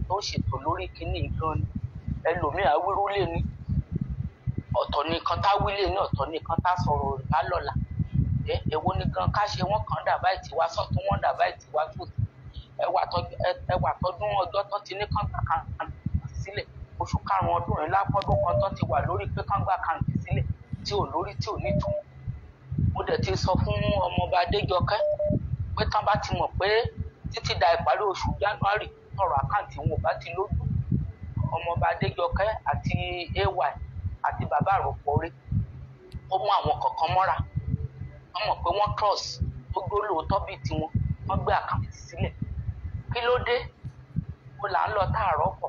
tó ń ṣètò lórí kínní gan ẹlòmíì awírú lè ní ọ̀tọ̀ nìkan tá wílé ní ọ̀tọ̀ nìkan tá sọ̀rọ̀ bá lọ́la èwo nìkan ká ṣe wọ́n kàn dà báyìí tiwa wọ́n dà báyìí tiwa tòtí ẹwà tọdún ọjọ́ tó ti ní kán gbà kàǹtì sílẹ̀ oṣù karùn-ún ọdún rẹ̀ lápọ́dún kan tó ti wà lórí pé kán gbà kàǹtì sílẹ̀ tí ò lórí tí ò nítumọ̀ mo dẹ̀ ti sọ fún ọmọọba Adéjọkẹ́ pé tán bá ti mọ̀ pé títí da ìparí oṣù January ọ̀rọ̀ àkáǹtì wọn ò bá ti lójú ọmọọba Adéjọkẹ́ àti ay àti bàbá àròpọ̀rẹ́ ó mú àwọn kọ̀ọ̀kan mọ́ra wọ́n mọ̀ pé wọ́n cross ó gbólóòótọ́ bíi tiwọn wọ́n gbé àkáǹtì sílẹ̀ kí ló dé mo là ń lọ tààrọ pọ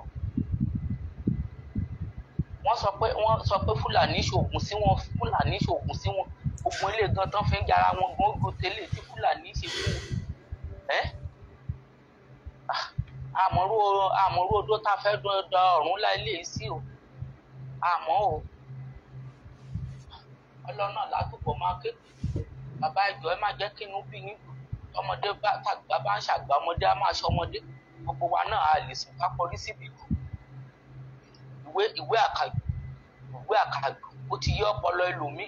wọ́n sọ pé wọ́n sọ pé fúlàní ṣoògùn sí wọn fúlàní ṣoògùn sí wọn oògùn ilé gan tán fi ń jara wọn gan ogun tẹ́lẹ̀ tí fúlàní ṣe fún wọn ẹ ah, àmọ́rú àmọ́rú odó tá a fẹ́ dún ọdọ ọ̀run láì lè sí o àmọ́ o ọlọ́nà ládùúgbò máa ké bàbá ìjọ ẹ má jẹ́ kí inú bí yín dùn ọmọdé bá tàgbà bá ń ṣàgbà ọmọdé á máa ṣe ọmọdé gbogbo wa náà a lè sùn ká kọrí síbi kan ìwé ìwé àkàgbù ìwé àkàgbù ó ti yé ọpọlọ ẹlòmíì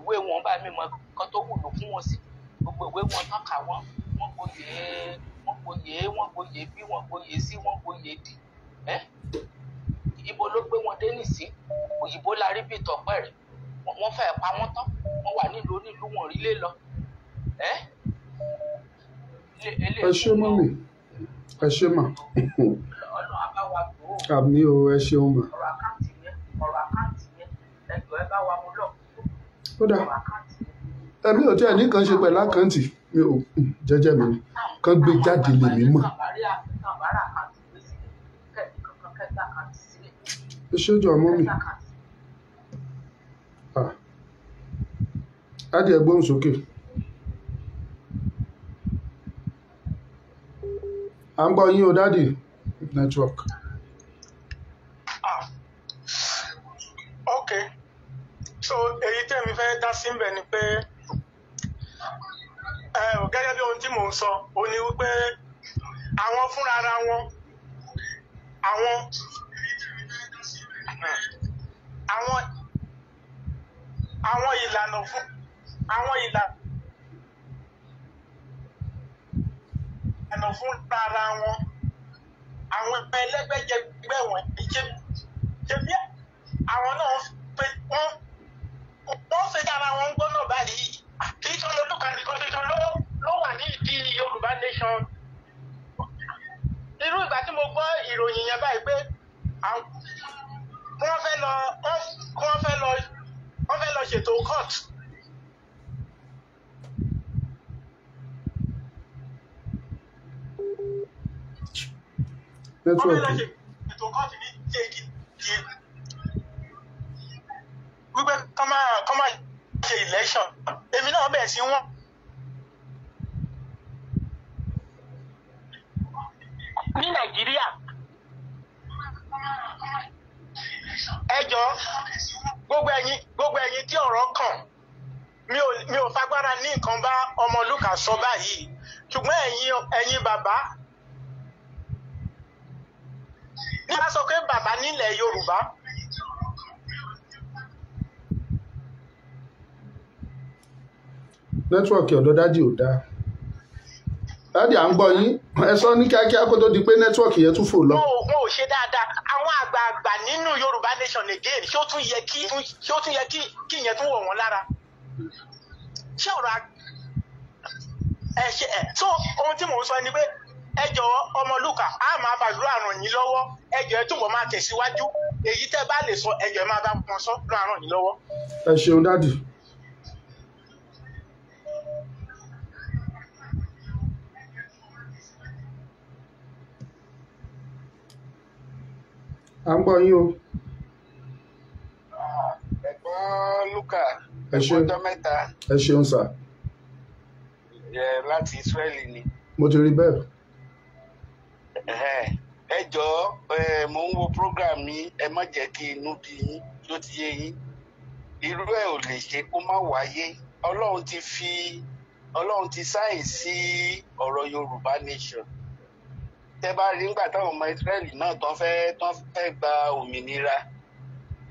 ìwé wọn bá mímọ kan tó wúlò fún wọn sí gbogbo ìwé wọn tán kà wọn wọn gboyè wọn gboyè wọn gboyè bí wọn gboyè sí wọn gboyè dì ẹ ibo ló gbé wọn dé nìsí òyìnbó la rí bí tọpẹ rẹ wọn fẹẹ pa wọn tán wọn wà nílùú onílùú wọn rí lé lọ ẹ ṣé mọ́mì ẹ ṣé mà àmì o ẹ ṣeun mà. kódà ẹ̀mí ò tí ẹ̀ ní kan ṣe pẹ̀lú àkáǹtì mi ò hm, jẹ́jẹ́ mi ni kan gbé jáde lè mí mọ̀. ẹ ṣé jọ̀ọ́ mọ́mì. á di ẹgbẹ́ òun sókè. Okay. à ń gbọ́ yín o dádì network. Ah. ok so èyí tẹ̀mí fẹ́ dá sí mbẹ̀ ni pé gẹ́gẹ́ bí ohun tí mò ń sọ ó ní wípé àwọn fúnra ara wọn àwọn àwọn àwọn ìlànà fún àwọn ìlànà. ẹ̀nà fún rárá wọn àwọn ẹlẹ́gbẹ́jẹgbẹ́ wọn ṣe àwọn náà. 没错。nẹ́tíwọ̀kì ọ̀dọ̀ dádì ò dáa dádì à ń gbọ́ yín ní kíákíá di pé nẹ́tíwọ̀kì yẹn tún lọ. mo ṣe dáadáa àwọn àgbààgbà nínú Yorùbá nation again ṣé ó tún yẹ kí ṣé ó tún yẹ tún lára so ohun tí mò ń sọ ni pé ẹ jọ̀wọ́ Ọmọlúkà á máa fàdúrà ràn yín lọ́wọ́ ẹ jọ̀ọ́ ẹ máa èyí bá lè sọ ẹ ẹ à ń gbọ́ yín o. Ah, ẹ̀gbọ́n luka ẹ̀gbọ́n ọjọ́ mẹ́ta. ẹ ṣeun sà. ẹ láti Israẹli ni. mo ti rí bẹ́ẹ̀. ẹ jọ̀ọ́ mo ń wo program mi ẹ má jẹ́ kí inú bí yín tó ti yé yín irú ẹ ò lè ṣe kó má wáyé Ọlọ́run ti fi Ọlọ́run ti sáyìn sí ọ̀rọ̀ Yorùbá nation tẹ́ bá rí nígbà táwọn ọmọ Ísírẹ́lì náà tán fẹ́ tán fẹ́ gba òmìnira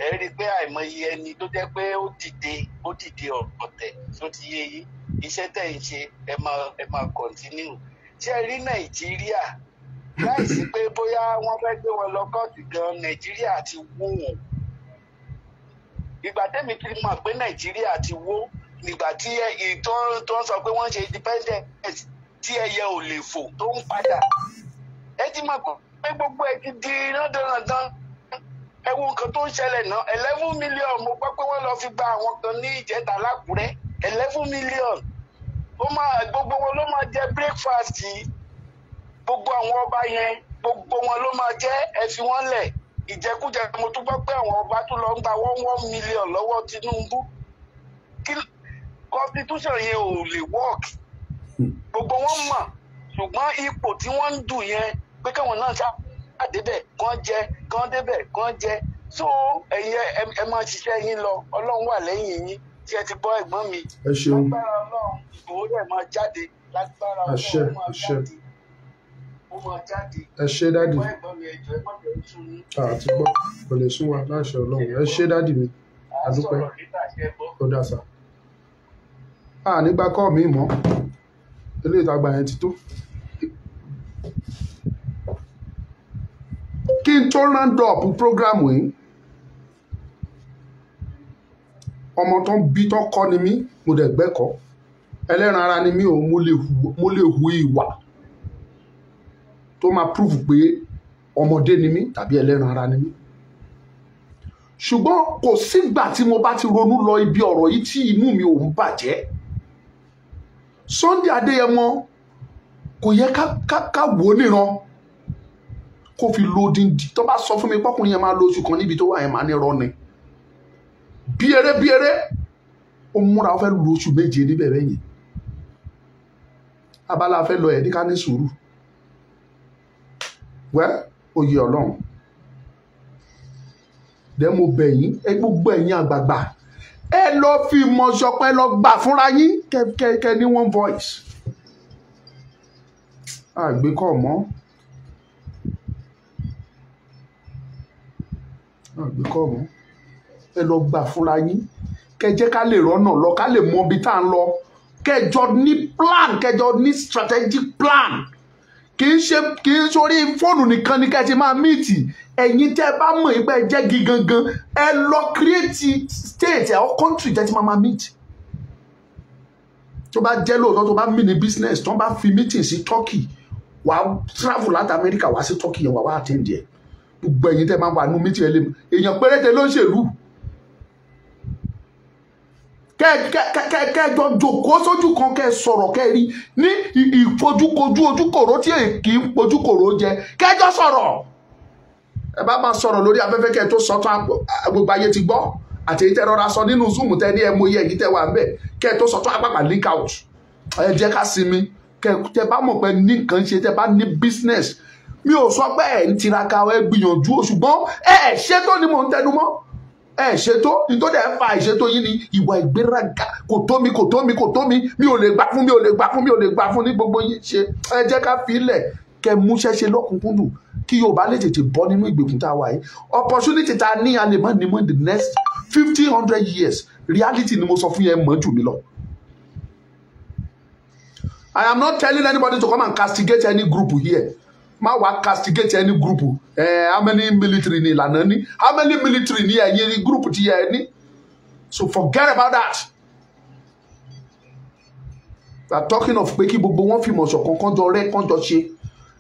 ẹ rí i pé àìmọye ẹni tó jẹ́ pé ó dìde ó dìde ọ̀tẹ̀ tó ti yé yín iṣẹ́ tẹ̀ ń ṣe ẹ máa ẹ máa kọ̀ntínú ṣé ẹ rí Nàìjíríà láìsí pé bóyá wọ́n fẹ́ gbé wọn lọ kóòtù gan Nàìjíríà ti wó wọn ìgbà tẹ́mi ti mọ̀ pé Nàìjíríà ti wó nígbà tí tó ń sọ pé wọ́n ṣe independence tí ẹyẹ ò lè fò tó ń padà ẹ ti máa pé gbogbo ẹ ti di lọ́dọ̀ọ̀dán ẹ wo tó ń ṣẹlẹ̀ náà eleven million mo gbọ́ pé wọ́n lọ fi gba àwọn kan ní ìjẹta lákùrẹ́ eleven million ó máa gbogbo wọn ló máa jẹ breakfast yìí gbogbo àwọn ọba yẹn gbogbo wọn ló máa jẹ ẹ wọn lẹ̀ ìjẹkújẹ mo tún gbọ́ pé àwọn ọba tún lọ ń gba one one million lọ́wọ́ Tinubu constitution yẹn ò lè work hmm. gbogbo wọn mọ̀ ṣùgbọ́n ipò tí wọ́n ń dù yẹn pé káwọn náà ṣá àdébẹ̀ kán jẹ kán débẹ̀ kán jẹ so ẹ̀yin ẹ máa ṣiṣẹ́ yín lọ ọlọ́run wà lẹ́yìn yín tí ẹ ti gbọ́ ẹ̀gbọ́n mi lágbára ọlọ́run ìgbòho rẹ̀ máa jáde lágbára ọlọ́run máa jáde ó máa jáde ẹ ṣé dádì àti kò lè sún wa láṣẹ ọlọ́run ẹ ṣé dádì mi àdúpẹ́ ó dà a nígbà kọ́ mi mọ́ eléyìí tá a gbà yẹn ti tó. n tó round up program yìí ọmọ tó ń bí tó kọ́ ni mí mo dẹ̀ gbẹ́kọ̀ọ́ ẹlẹ́ran ara ni mí ò mo lè hu ìwà tó máa prove pé ọmọdé ni mí tàbí ẹlẹ́ran ara ni mí ṣùgbọ́n kò sígbà tí mo bá ti ronú lọ ibi ọ̀rọ̀ yìí tí inú mi ò ń bàjẹ́ Sunday Adéyẹmọ kò yẹ ká wò ó níran kó fi lódìndì tó bá sọ fún mi pọ́kùnrin yẹn máa lo oṣù kan níbi tó wà yẹn máa ní rọ ni bí eré bí eré ó múra ó fẹ́ lu oṣù méje níbẹ̀ bẹ́ẹ̀ yẹn abala fẹ́ lọ ẹ̀ ní ká ní sùúrù wẹ́ oyè ọlọ́run dẹ́ mo bẹ̀ yín ẹ gbogbo ẹ̀yin àgbààgbà ẹ lọ fi ìmọ̀ lọ gbà fúnra yín kẹ́kẹ́ ní one voice àgbékọ̀ mọ́. gbé kọ́ọ̀mù ẹ lọ gbà fúnra yín kẹjẹ ká lè rọ́nà lọ ká lè mọ ibi tá à ń lọ kẹjọ ní plan kẹjọ ní strategic plan kì í ṣe kì í sórí fóònù nìkan ni kẹ́ẹ̀ ti máa míìtì ẹ̀yin tẹ́ ẹ bá mọ̀ yín pé ẹ jẹ́ gi gangan ẹ lọ create state or country tẹ́ ti máa máa míìtì tó bá jẹ́ lóòótọ́ tó bá mí ní business tó bá fi meeting sí Turkey wàá travel láti America wá sí Turkey yẹn wàá wá attend yẹn gbogbo ẹ̀yin tẹ́ máa wà nù mítì ẹlẹ́mu èèyàn péréte ló ń ṣèlú kẹ́ẹ̀jọ jòkóó sójú kan kẹ́ẹ̀ sọ̀rọ̀ kẹ́ẹ̀ rí ní ìfojúkojú ojúkòrò tí èyí kì í pojúkòrò jẹ kẹ́ẹ̀jọ sọ̀rọ̀ ẹ bá máa sọ̀rọ̀ lórí afẹ́fẹ́ kẹ́ẹ̀ tó sọ tán gbogbo ayé ti gbọ́ àti èyí tẹ́ rọra sọ nínú zoom tẹ́ ní ẹmọ iye èyí tẹ́ wà ń bẹ̀ kẹ́ẹ̀ tó sọ tán apápá link out ẹ jẹ́ ká sinmi kẹ́ẹ̀ tẹ́ bá mọ̀ pé ní nǹkan ṣe tẹ́ bá ní business mi ò sọ pé ẹ̀ ń tiraka ẹ gbìyànjú ṣùgbọ́n ẹ ṣe ni mò ń tẹnu mọ́ ẹ ṣètò nítorí ẹ fa ìṣètò yìí ni ìwà ìgbéraga kò tó mi kò tó mi kò tó mi mi ò lè gbà fún mi ò lè gbà fún mi ò lè gbà fún ní gbogbo yìí ṣe ẹ jẹ́ ká fi ilẹ̀ kẹ múṣẹ́ ṣe lọ́kùnkúndùn kí Yorùbá lè tètè bọ́ nínú ìgbèkùn tá a wà yìí opportunity tá ní a lè má the next fifty hundred years reality ni mo sọ fún yẹn mọ́ jù mí lọ. I am not telling anybody to come and castigate any group here má wá castigate any group eh, how many military ni ìlànà ní how many military ni ẹ̀yin group ti yẹ ní so forget about that we are talking of pé kí gbogbo wọn fi mọ̀ọ́sọ̀ kankan jọ rẹ́ kan jọ ṣe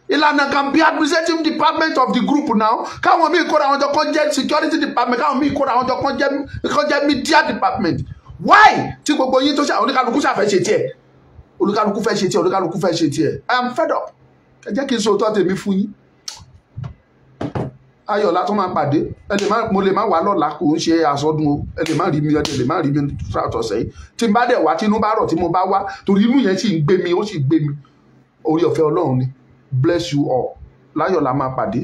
ìlànà kan bí administrative department of the group now káwọn míì kóra àwọn jọ kan jẹ́ security department káwọn míì kóra àwọn jọ kan jẹ́ media department why tí gbogbo yín tó ṣe àwọn oníkàlùkù ṣàfẹ́ ṣe tiẹ̀ olúkàlùkù fẹ́ ṣe tiẹ̀ olúkàlùkù fẹ́ ṣe tiẹ̀ I am fed up ẹ jẹ́ kí n sòótọ́ tèmi fún yín ayọ̀ la tún máa pàdé ẹ lè má mo lè má wà lọ́la kò ń ṣe àsọdún o ẹ lè má rí mi ẹ lè má rí mi sàtọ̀ sẹ́yìn tí n bá dẹ̀ wá tínú bá rọ̀ tí mo bá wá torí inú yẹn sì ń gbé mi ó sì gbé mi orí ọ̀fẹ́ ọlọ́run ni bless you all láyọ̀ la máa pàdé